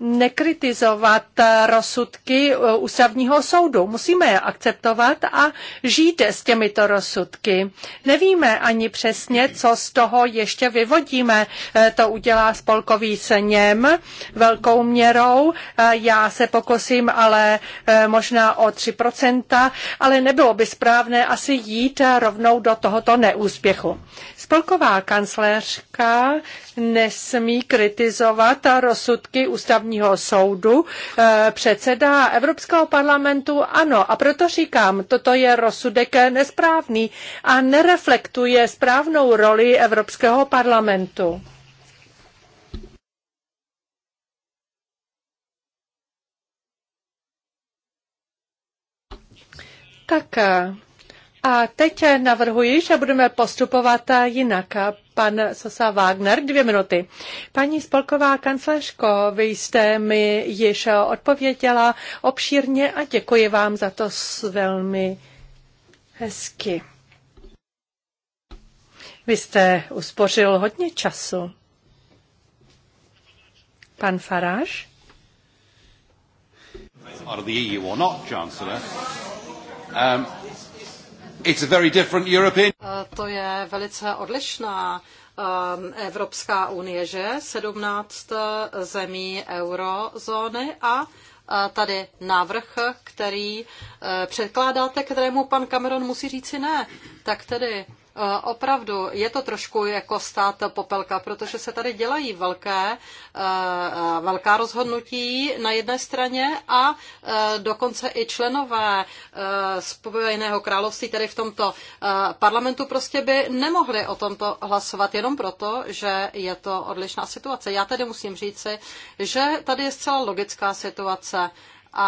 nekritizovat rozsudky uh, ústavního soudu. Musíme je akceptovat a žít s těmito rozsudky. Nevíme ani přesně, co z toho ještě vyvodíme. Eh, to udělá spolkový sněm velkou měrou. Eh, já se pokusím ale eh, možná o 3%, ale nebylo by správné asi jít rovnou do tohoto neúspěchu. Spolková kancléřka nesmí kritizovat rozsudky ústavního soudu. Eh, předseda Evropského parlamentu ano. A proto říkám, toto je rozsudek nesprávný a nereflektuje správnou roli Evropského parlamentu. Tak eh, a teď navrhuji, že budeme postupovat jinak. Pan Sosa Wagner, dvě minuty. Paní spolková kancelářko, vy jste mi již odpověděla obšírně a děkuji vám za to velmi hezky. Vy jste uspořil hodně času. Pan Faráš? Are the EU or not, Chancellor? Um, It's a very different European... Eh, to je velice odlišná ehm, Evropská unie, že? 17 eh, zemí eurozóny a eh, tady návrh, který předkládáte, kterému pan Cameron musí říci ne. Tak tedy Opravdu je to trošku jako stát popelka, protože se tady dělají velké, eh, eh, velká rozhodnutí na jedné straně a eh, dokonce i členové Spojeného království, tedy v tomto parlamentu, prostě by nemohli o tomto hlasovat jenom proto, že je to odlišná situace. Já tedy musím říci, že tady je zcela logická situace. A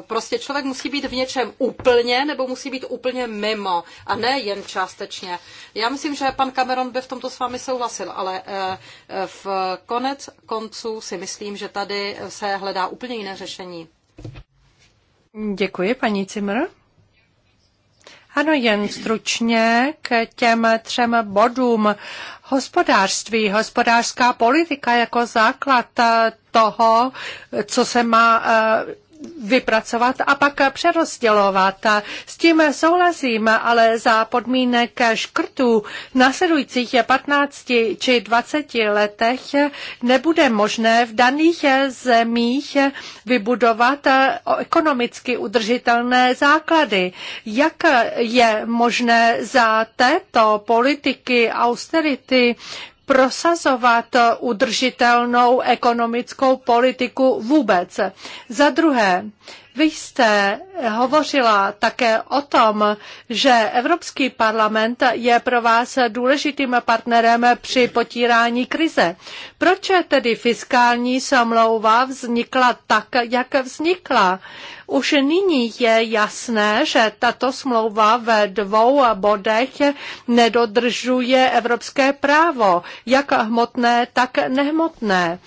e, prostě člověk musí být v něčem úplně nebo musí být úplně mimo a ne jen částečně. Já myslím, že pan Cameron by v tomto s vámi souhlasil, ale e, e, v konec konců si myslím, že tady se hledá úplně jiné řešení. Děkuji, paní Cimr. Ano, jen stručně k těm třem bodům. Hospodářství, hospodářská politika jako základ toho, co se má eh, vypracovat a pak přerozdělovat. S tím souhlasím, ale za podmínek škrtů v následujících 15 či 20 letech nebude možné v daných zemích vybudovat ekonomicky udržitelné základy. Jak je možné za této politiky austerity prosazovat udržitelnou ekonomickou politiku vůbec. Za druhé, vy jste hovořila také o tom, že Evropský parlament je pro vás důležitým partnerem při potírání krize. Proč tedy fiskální smlouva vznikla tak, jak vznikla? Už nyní je jasné, že tato smlouva ve dvou bodech nedodržuje evropské právo, jak hmotné, tak nehmotné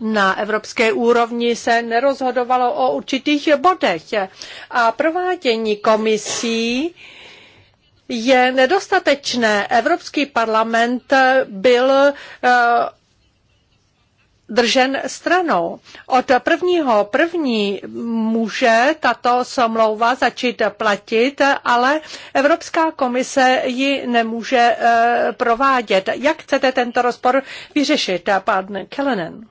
na evropské úrovni se nerozhodovalo o určitých bodech a provádění komisí je nedostatečné. Evropský parlament byl eh, držen stranou. Od prvního první může tato smlouva začít platit, ale Evropská komise ji nemůže eh, provádět. Jak chcete tento rozpor vyřešit, pan Kellenen?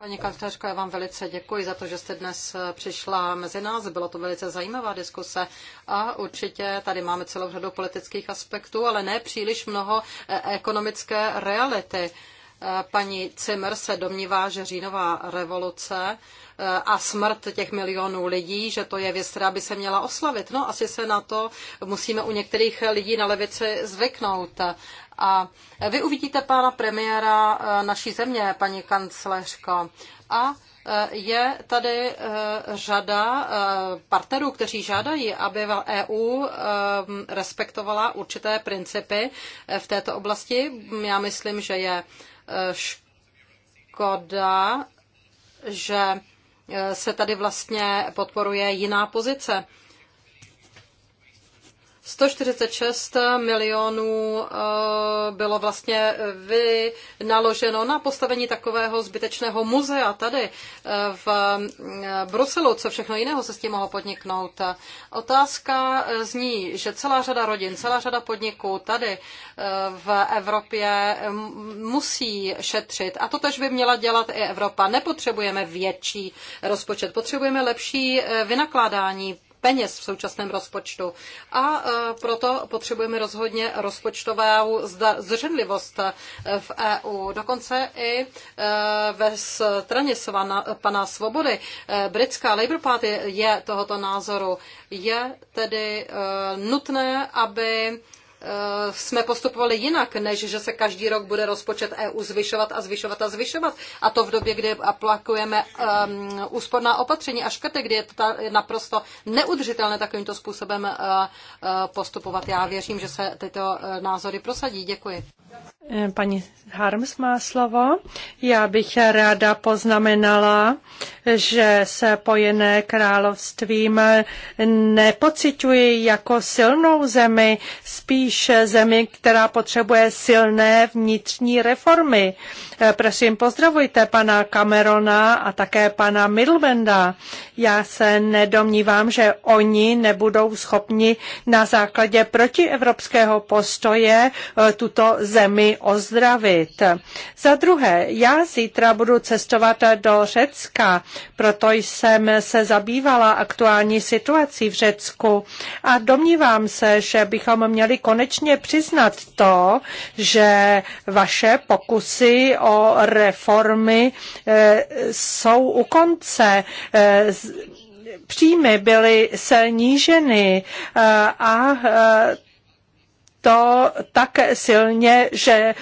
Paní kancléřko, já vám velice děkuji za to, že jste dnes eh, přišla mezi nás. Byla to velice zajímavá diskuse a určitě tady máme celou řadu politických aspektů, ale ne příliš mnoho eh, ekonomické reality. Eh, paní Cimr se domnívá, že říjnová revoluce a smrt těch milionů lidí, že to je věc, která by se měla oslavit. No, asi se na to musíme u některých lidí na levici zvyknout. A vy uvidíte pána premiéra eh, naší země, paní kancléřko. A eh, je tady eh, řada partnerů, kteří žádají, aby EU e respektovala určité principy v této oblasti. Já myslím, že je škoda, že se tady vlastně podporuje jiná pozice. 146 milionů eh, bylo vlastně vynaloženo na postavení takového zbytečného muzea tady eh, v eh, Bruselu. Co všechno jiného se s tím mohlo podniknout? Otázka zní, že celá řada rodin, celá řada podniků tady v Evropě musí šetřit. A to tež by měla dělat i Evropa. Nepotřebujeme větší rozpočet, potřebujeme lepší vynakládání peněz v současném rozpočtu. A e, proto potřebujeme rozhodně rozpočtovou zdrženlivost e, v EU. Dokonce i e, ve straně pana Svobody britská Labour Party je tohoto názoru. Je tedy nutné, aby Eh, jsme postupovali jinak, než že se každý rok bude rozpočet EU zvyšovat a zvyšovat a zvyšovat. A to v době, kdy aplikujeme um, úsporná opatření a škrty, kdy je to naprosto neudržitelné takovýmto způsobem uh, uh, postupovat. Já věřím, že se tyto názory prosadí. Děkuji. Pani Harms má slovo. Já bych ráda poznamenala, že se pojené královstvím nepociťuji jako silnou zemi, spíš spíše zemi, která potřebuje silné vnitřní reformy. Eh, prosím, pozdravujte pana Camerona a také pana Middlebenda. Já se nedomnívám, že oni nebudou schopni na základě protievropského postoje eh, tuto zemi ozdravit. Za druhé, já zítra budu cestovat do Řecka, proto jsem se zabývala aktuální situací v Řecku a domnívám se, že bychom měli konečně konečně přiznat to, že vaše pokusy o reformy eh, jsou u konce eh, příjmy byly sníženy eh, a to tak silně, že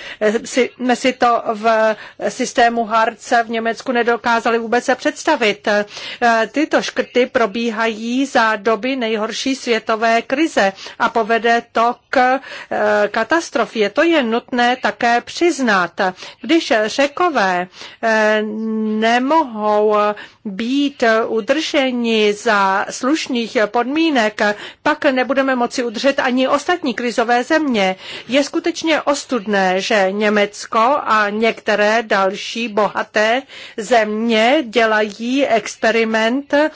jsme si to v systému Harz v Německu nedokázali vůbec se představit. Tyto škrty probíhají za doby nejhorší světové krize a povede to k eh, katastrofě. To je nutné také přiznat. Když řekové eh, nemohou být udrženi za slušných podmínek, pak nebudeme moci udržet ani ostatní krizové země. Je skutečně ostudné, že Německo a některé další bohaté země dělají experiment eh,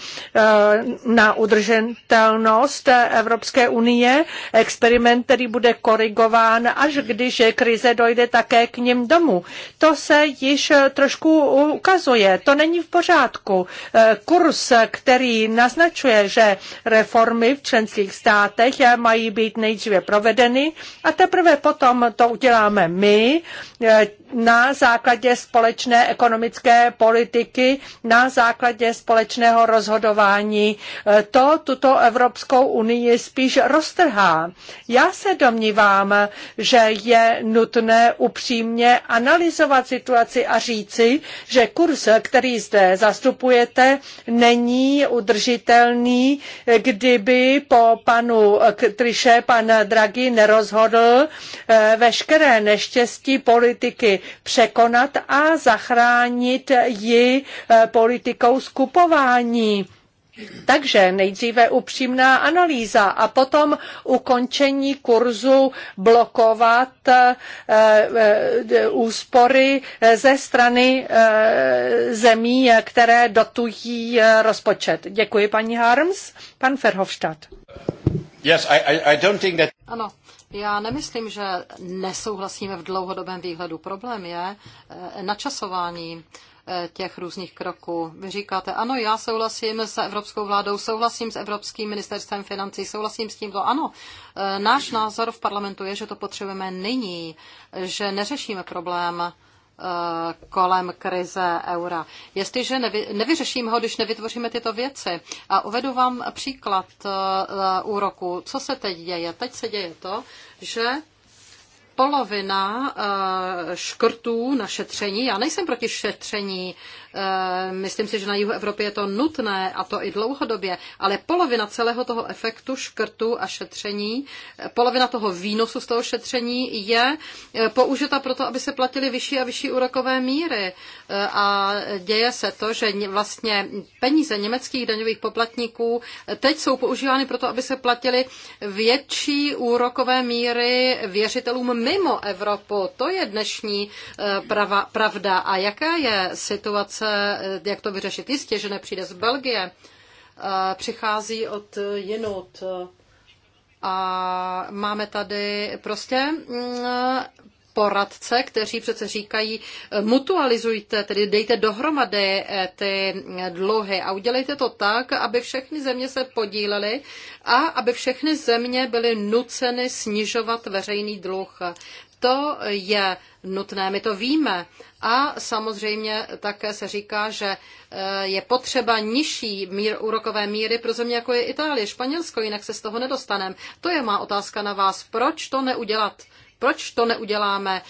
na udržitelnost Evropské unie, experiment, který bude korigován, až když krize dojde také k ním domů. To se již trošku ukazuje. To není v pořádku. Eh, Kurs, který naznačuje, že reformy v členských státech mají být nejdříve provedeny, a teprve potom to uděláme my eh, na základě společné ekonomické politiky, na základě společného rozhodování. Eh, to tuto Evropskou unii spíš roztrhá. Já se domnívám, že je nutné upřímně analyzovat situaci a říci, že kurz, který zde zastupujete, není udržitelný, kdyby po panu Triše pan Draghi nerozhodl rozhodl eh, veškeré neštěstí politiky překonat a zachránit ji eh, politikou skupování. Takže nejdříve upřímná analýza a potom ukončení kurzu blokovat eh, úspory ze strany zemí, které dotují rozpočet. Děkuji, paní Harms. Pan Ferhofstadt. Yes, I, I, I don't think that... Ano, já nemyslím, že nesouhlasíme v dlouhodobém výhledu. Problém je eh, načasování eh, těch různých kroků. Vy říkáte, ano, já souhlasím s Evropskou vládou, souhlasím s Evropským ministerstvem financí, souhlasím s tímto. Ano, eh, náš názor v parlamentu je, že to potřebujeme nyní, že neřešíme problém Eh, kolem krize eura. Jestliže nevy, nevyřeším ho, když nevytvoříme tyto věci. A uvedu vám příklad eh, eh, úroku. Co se teď děje? Teď se děje to, že polovina škrtů na šetření, já nejsem proti šetření, Eh, myslím si, že na jihu Evropy je to nutné a to i dlouhodobě, ale polovina celého toho efektu škrtu a šetření, eh, polovina toho výnosu z toho šetření je eh, použita pro to, aby se platily vyšší a vyšší úrokové míry. A děje se to, že vlastně peníze německých daňových poplatníků teď jsou používány pro to, aby se platily větší úrokové míry věřitelům mimo Evropu. To je dnešní prava, pravda. A jaká je situace se, jak to vyřešit. Jistě, že nepřijde z Belgie, přichází od jinut. A máme tady prostě mm, poradce, kteří přece říkají, mutualizujte, tedy dejte dohromady eh, ty mm, dluhy a udělejte to tak, aby všechny země se podílely a aby všechny země byly nuceny snižovat veřejný dluh. To je nutné, my to víme. A samozřejmě také se říká, že eh, je potřeba nižší mír, úrokové míry pro země, jako je Itálie, Španělsko, jinak se z toho nedostaneme. To je má otázka na vás. Proč to neudělat? Proč to neuděláme?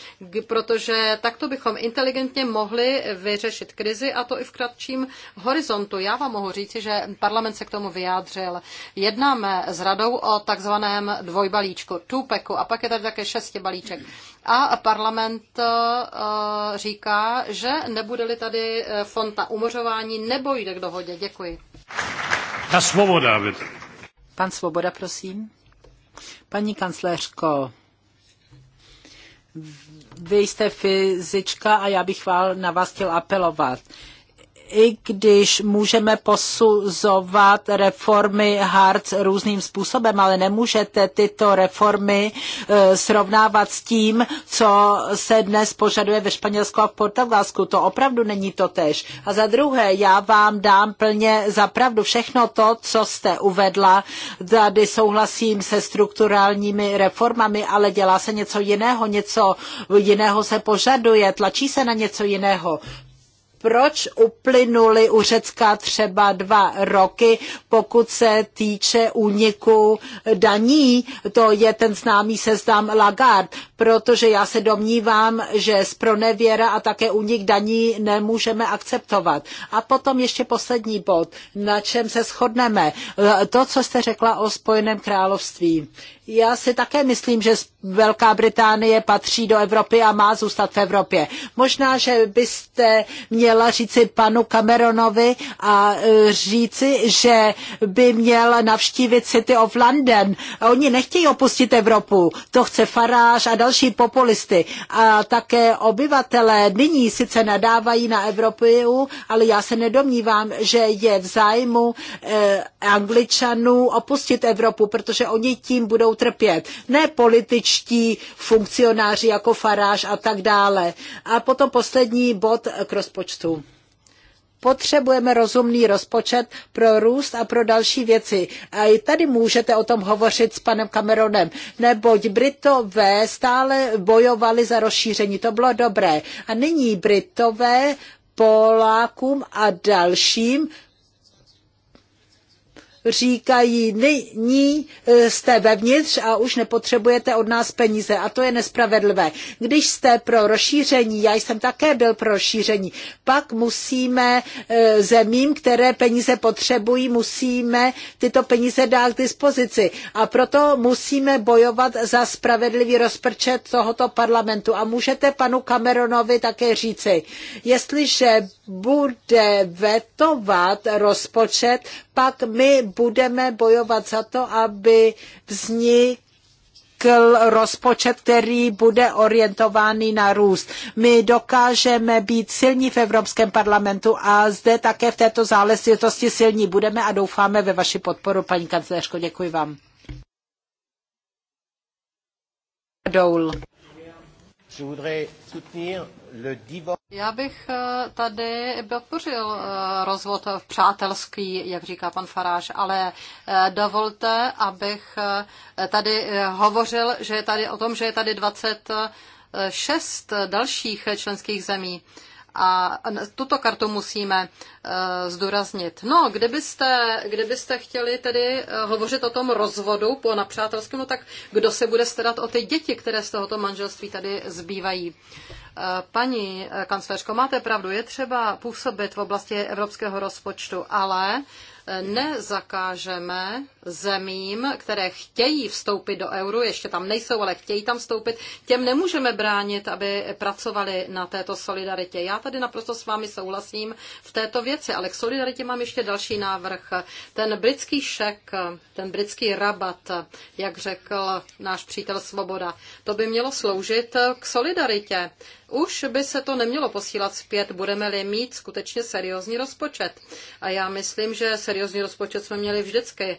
Protože takto bychom inteligentně mohli vyřešit krizi a to i v kratším horizontu. Já vám mohu říci, že parlament se k tomu vyjádřil. Jednáme s radou o takzvaném dvojbalíčku, tupeku a pak je tady také šesti balíček. A parlament eh, eh, říká, že nebude-li tady eh, fond na umořování, nebo jde k dohodě. Děkuji. Ta svoboda, Pan Svoboda, prosím. Paní kancléřko, vy jste fyzička a já bych na vás chtěl apelovat i když můžeme posuzovat reformy Hartz různým způsobem, ale nemůžete tyto reformy e, srovnávat s tím, co se dnes požaduje ve Španělsku a v Portugalsku. To opravdu není to tež. A za druhé, já vám dám plně za pravdu všechno to, co jste uvedla. Tady souhlasím se strukturálními reformami, ale dělá se něco jiného, něco jiného se požaduje, tlačí se na něco jiného proč uplynuly u Řecka třeba dva roky, pokud se týče úniku daní, to je ten známý seznam Lagarde, protože já se domnívám, že z pronevěra a také únik daní nemůžeme akceptovat. A potom ještě poslední bod, na čem se shodneme. To, co jste řekla o Spojeném království. Já si také myslím, že Velká Británie patří do Evropy a má zůstat v Evropě. Možná, že byste měl chtěla říci panu Cameronovi a e, říci, že by měl navštívit City of London. Oni nechtějí opustit Evropu, to chce Farage a další populisty. A také obyvatelé nyní sice nadávají na Evropu, ale já se nedomnívám, že je v zájmu eh, Angličanů opustit Evropu, protože oni tím budou trpět. Ne političtí funkcionáři jako Farage a tak dále. A potom poslední bod k rozpočtu růstu. Potřebujeme rozumný rozpočet pro růst a pro další věci. A i tady můžete o tom hovořit s panem Cameronem, neboť Britové stále bojovali za rozšíření. To bylo dobré. A nyní Britové Polákům a dalším říkají, nyní e, jste vevnitř a už nepotřebujete od nás peníze a to je nespravedlivé. Když jste pro rozšíření, já jsem také byl pro rozšíření, pak musíme e, zemím, které peníze potřebují, musíme tyto peníze dát k dispozici a proto musíme bojovat za spravedlivý rozprčet tohoto parlamentu a můžete panu Cameronovi také říci, jestliže bude vetovat rozpočet, pak my budeme bojovat za to, aby vznik vznikl rozpočet, který bude orientovaný na růst. My dokážeme být silní v Evropském parlamentu a zde také v této záležitosti silní budeme a doufáme ve vaši podporu, paní kancléřko. Děkuji vám. Doul. Já bych eh, tady podpořil eh, rozvod v přátelský, jak říká pan Faráš, ale eh, dovolte, abych tady hovořil, že je tady o tom, že je tady 26 dalších členských zemí. A tuto kartu musíme uh, zdůraznit. No, kdybyste, kdybyste chtěli tedy hovořit o tom rozvodu po napřátelském, no tak kdo se bude starat o ty děti, které z tohoto manželství tady zbývají? Uh, Eh, paní eh, kancléřko, máte pravdu, je třeba působit v oblasti evropského rozpočtu, ale eh, nezakážeme zemím, které chtějí vstoupit do euru, ještě tam nejsou, ale chtějí tam vstoupit, těm nemůžeme bránit, aby pracovali na této solidaritě. Já tady naprosto s vámi souhlasím v této věci, ale k solidaritě mám ještě další návrh. Ten britský šek, ten britský rabat, jak řekl náš přítel Svoboda, to by mělo sloužit k solidaritě. Už by se to nemělo posílat zpět, budeme-li mít skutečně seriózní rozpočet. A já myslím, že seriózní rozpočet jsme měli vždycky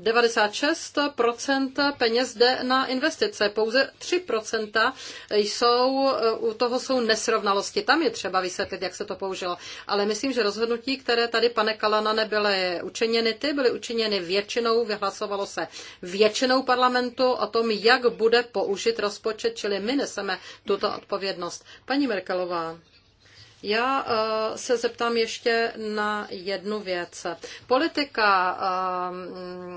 96% peněz jde na investice, pouze 3% jsou, u toho jsou nesrovnalosti. Tam je třeba vysvětlit, jak se to použilo. Ale myslím, že rozhodnutí, které tady, pane Kalana, nebyly učiněny, ty byly učiněny většinou, vyhlasovalo se většinou parlamentu o tom, jak bude použit rozpočet, čili my neseme tuto odpovědnost. Paní Merkelová. Já eh, se zeptám ještě na jednu věc. Politika eh,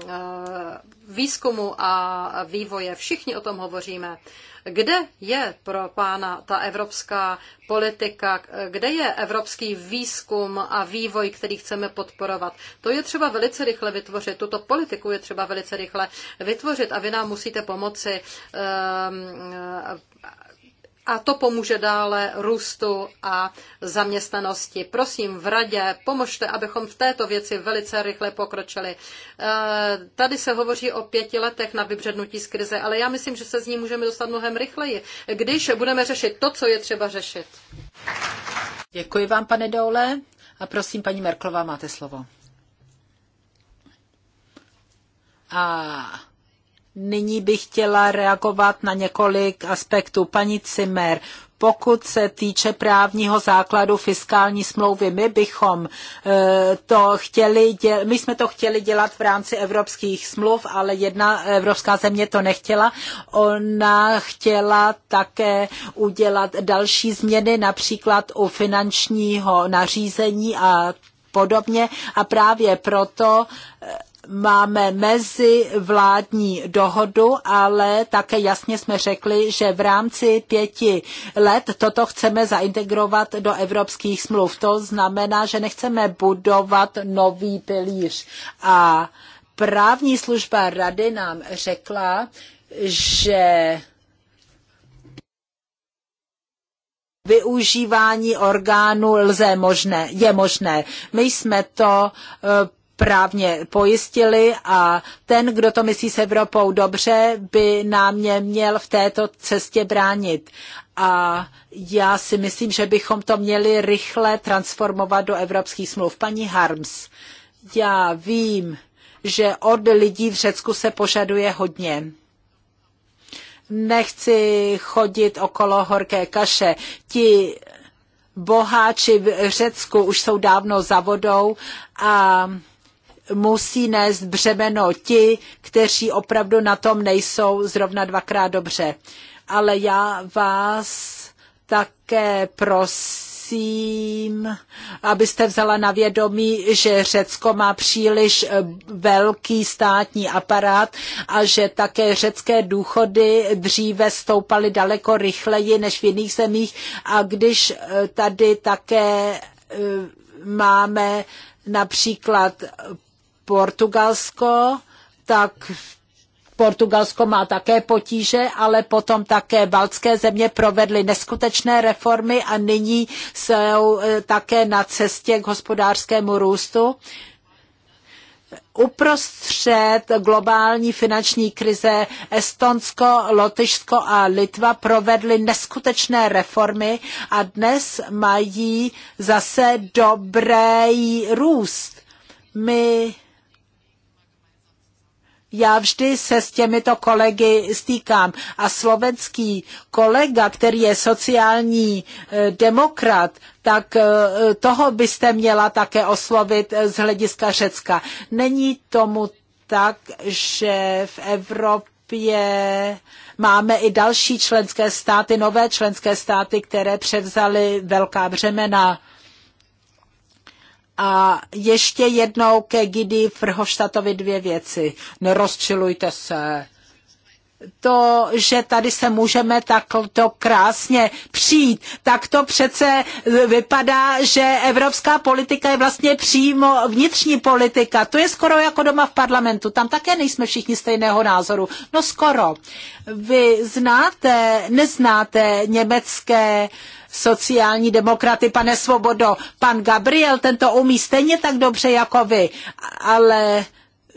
eh, výzkumu a vývoje, všichni o tom hovoříme. Kde je pro pána ta evropská politika, kde je evropský výzkum a vývoj, který chceme podporovat? To je třeba velice rychle vytvořit, tuto politiku je třeba velice rychle vytvořit a vy nám musíte pomoci a to pomůže dále růstu a zaměstnanosti. Prosím, v radě pomožte, abychom v této věci velice rychle pokročili. Eh, tady se hovoří o pěti letech na vybřednutí z krize, ale já myslím, že se z ní můžeme dostat mnohem rychleji, když budeme řešit to, co je třeba řešit. Děkuji vám, pane Doule. A prosím, paní Merklová, máte slovo. A Nyní bych chtěla reagovat na několik aspektů. Paní Cimer, pokud se týče právního základu fiskální smlouvy, my bychom eh, to chtěli, děl, my jsme to chtěli dělat v rámci evropských smluv, ale jedna evropská země to nechtěla. Ona chtěla také udělat další změny, například u finančního nařízení a podobně a právě proto eh, máme mezi vládní dohodu, ale také jasně jsme řekli, že v rámci pěti let toto chceme zaintegrovat do evropských smluv. To znamená, že nechceme budovat nový pilíř. A právní služba rady nám řekla, že využívání orgánů lze možné, je možné. My jsme to eh, právně pojistili a ten, kdo to myslí s Evropou dobře, by nám mě měl v této cestě bránit. A já si myslím, že bychom to měli rychle transformovat do evropských smluv. Paní Harms, já vím, že od lidí v Řecku se požaduje hodně nechci chodit okolo horké kaše. Ti boháči v Řecku už jsou dávno za vodou a musí nést břemeno ti, kteří opravdu na tom nejsou zrovna dvakrát dobře. Ale já vás také prosím, abyste vzala na vědomí, že Řecko má příliš velký státní aparát a že také řecké důchody dříve stoupaly daleko rychleji než v jiných zemích. A když eh, tady také eh, máme například Portugalsko, tak Portugalsko má také potíže, ale potom také baltské země provedly neskutečné reformy a nyní jsou eh, také na cestě k hospodářskému růstu. Uprostřed globální finanční krize Estonsko, Lotyšsko a Litva provedly neskutečné reformy a dnes mají zase dobrý růst. My já vždy se s těmito kolegy stýkám a slovenský kolega, který je sociální eh, demokrat, tak eh, toho byste měla také oslovit eh, z hlediska Řecka. Není tomu tak, že v Evropě máme i další členské státy, nové členské státy, které převzaly velká břemena. A ještě jednou ke Gidi Frhoštatovi dvě věci. Nerozčilujte no, se to, že tady se můžeme takto krásně přijít, tak to přece vypadá, že evropská politika je vlastně přímo vnitřní politika. To je skoro jako doma v parlamentu. Tam také nejsme všichni stejného názoru. No skoro. Vy znáte, neznáte německé sociální demokraty, pane Svobodo. Pan Gabriel, ten to umí stejně tak dobře jako vy, ale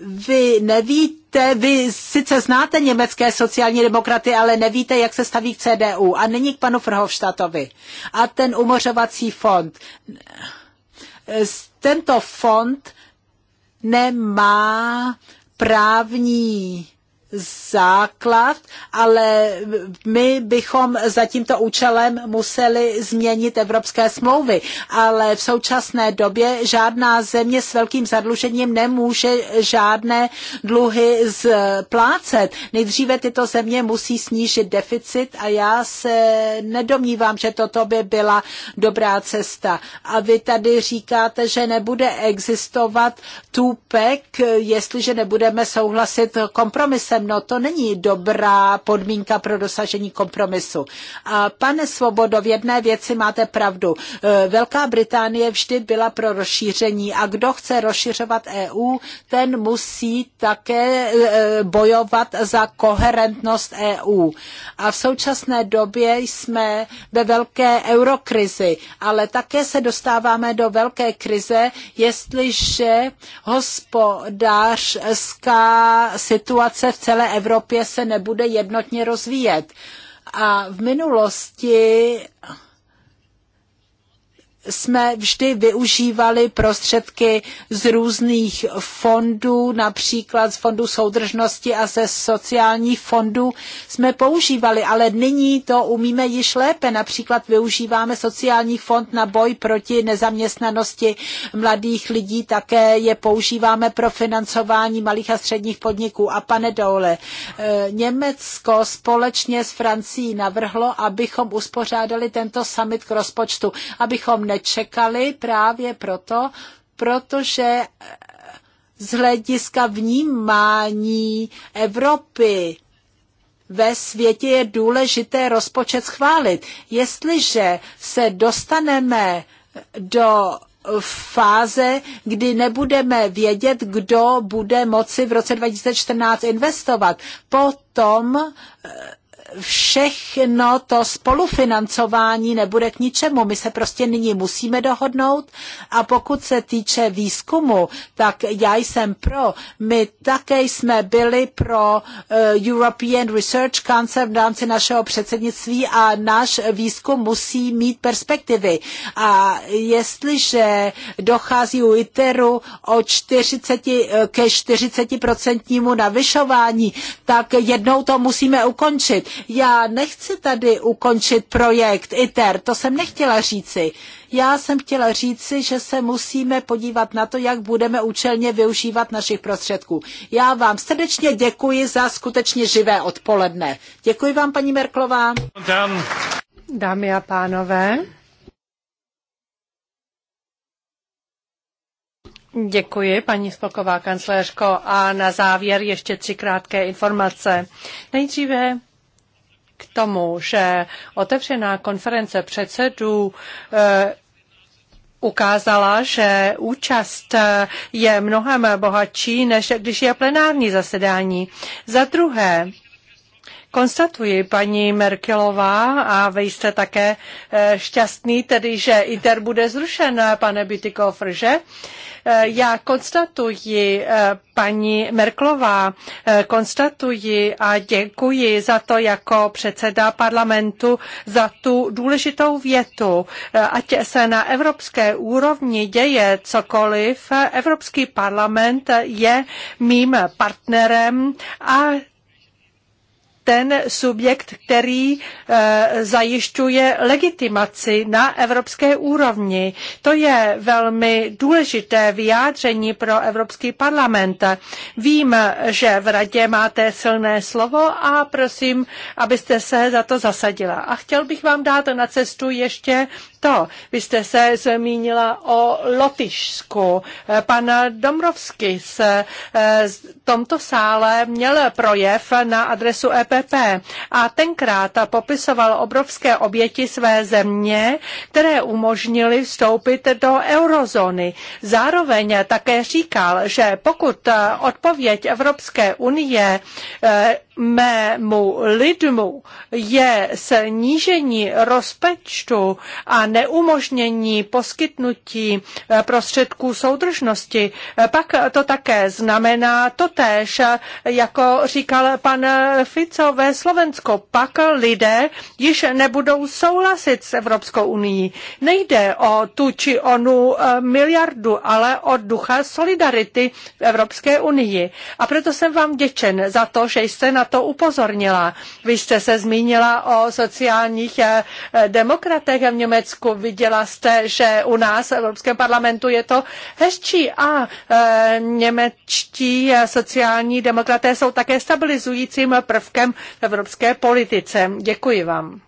vy nevíte, víte, vy sice znáte německé sociální demokraty, ale nevíte, jak se staví k CDU. A není k panu Frhovštatovi. A ten umořovací fond. Tento fond nemá právní základ, ale my bychom za tímto účelem museli změnit evropské smlouvy. Ale v současné době žádná země s velkým zadlužením nemůže žádné dluhy splácet. Nejdříve tyto země musí snížit deficit a já se nedomnívám, že toto by byla dobrá cesta. A vy tady říkáte, že nebude existovat tupek, jestliže nebudeme souhlasit kompromisem No to není dobrá podmínka pro dosažení kompromisu. A pane Svobodo, v jedné věci máte pravdu. E, Velká Británie vždy byla pro rozšíření a kdo chce rozšiřovat EU, ten musí také e, bojovat za koherentnost EU. A v současné době jsme ve velké eurokrizi, ale také se dostáváme do velké krize, jestliže hospodářská situace v celé celé Evropě se nebude jednotně rozvíjet. A v minulosti jsme vždy využívali prostředky z různých fondů, například z fondu soudržnosti a ze sociálních fondů jsme používali, ale nyní to umíme již lépe. Například využíváme sociální fond na boj proti nezaměstnanosti mladých lidí, také je používáme pro financování malých a středních podniků. A pane Doule, eh, Německo společně s Francií navrhlo, abychom uspořádali tento summit k rozpočtu, abychom nečekali právě proto, protože z hlediska vnímání Evropy ve světě je důležité rozpočet schválit. Jestliže se dostaneme do fáze, kdy nebudeme vědět, kdo bude moci v roce 2014 investovat. Potom všechno to spolufinancování nebude k ničemu. My se prostě nyní musíme dohodnout a pokud se týče výzkumu, tak já jsem pro. My také jsme byli pro eh, European Research Council v rámci našeho předsednictví a náš výzkum musí mít perspektivy. A jestliže dochází u ITERu o 40, eh, ke 40% navyšování, tak jednou to musíme ukončit. Já nechci tady ukončit projekt ITER, to jsem nechtěla říci. Já jsem chtěla říci, že se musíme podívat na to, jak budeme účelně využívat našich prostředků. Já vám srdečně děkuji za skutečně živé odpoledne. Děkuji vám, paní Merklová. Dámy a pánové, Děkuji, paní Spoková kancléřko. A na závěr ještě tři krátké informace. Nejdříve k tomu, že otevřená konference předsedů eh, ukázala, že účast eh, je mnohem bohatší, než když je plenární zasedání. Za druhé, Konstatuji, paní Merkelová, a vy jste také eh, šťastný, tedy, že ITER bude zrušen, pane Bytykofr, že? Eh, já konstatuji, eh, paní Merklová, konstatuji a děkuji za to jako předseda parlamentu za tu důležitou větu. Ať se na evropské úrovni děje cokoliv, Evropský parlament je mým partnerem a ten subjekt, který eh, zajišťuje legitimaci na evropské úrovni. To je velmi důležité vyjádření pro Evropský parlament. Vím, že v radě máte silné slovo a prosím, abyste se za to zasadila. A chtěl bych vám dát na cestu ještě to. Vy jste se zmínila o Lotyšsku. Eh, pan Domrovský se eh, v tomto sále měl projev na adresu EP EPP a tenkrát popisoval obrovské oběti své země, které umožnily vstoupit do eurozóny. Zároveň také říkal, že pokud odpověď Evropské unie eh, mému lidmu je snížení rozpočtu a neumožnění poskytnutí eh, prostředků soudržnosti, eh, pak to také znamená totéž, eh, jako říkal pan Fico ve Slovensku, pak lidé již nebudou souhlasit s Evropskou unii. Nejde o tu či onu miliardu, ale o ducha solidarity v Evropské unii. A proto jsem vám děčen za to, že jste na na to upozornila. Vy jste se zmínila o sociálních eh, demokratech v Německu. Viděla jste, že u nás v Evropském parlamentu je to hezčí a eh, němečtí eh, sociální demokraté jsou také stabilizujícím prvkem v evropské politice. Děkuji vám.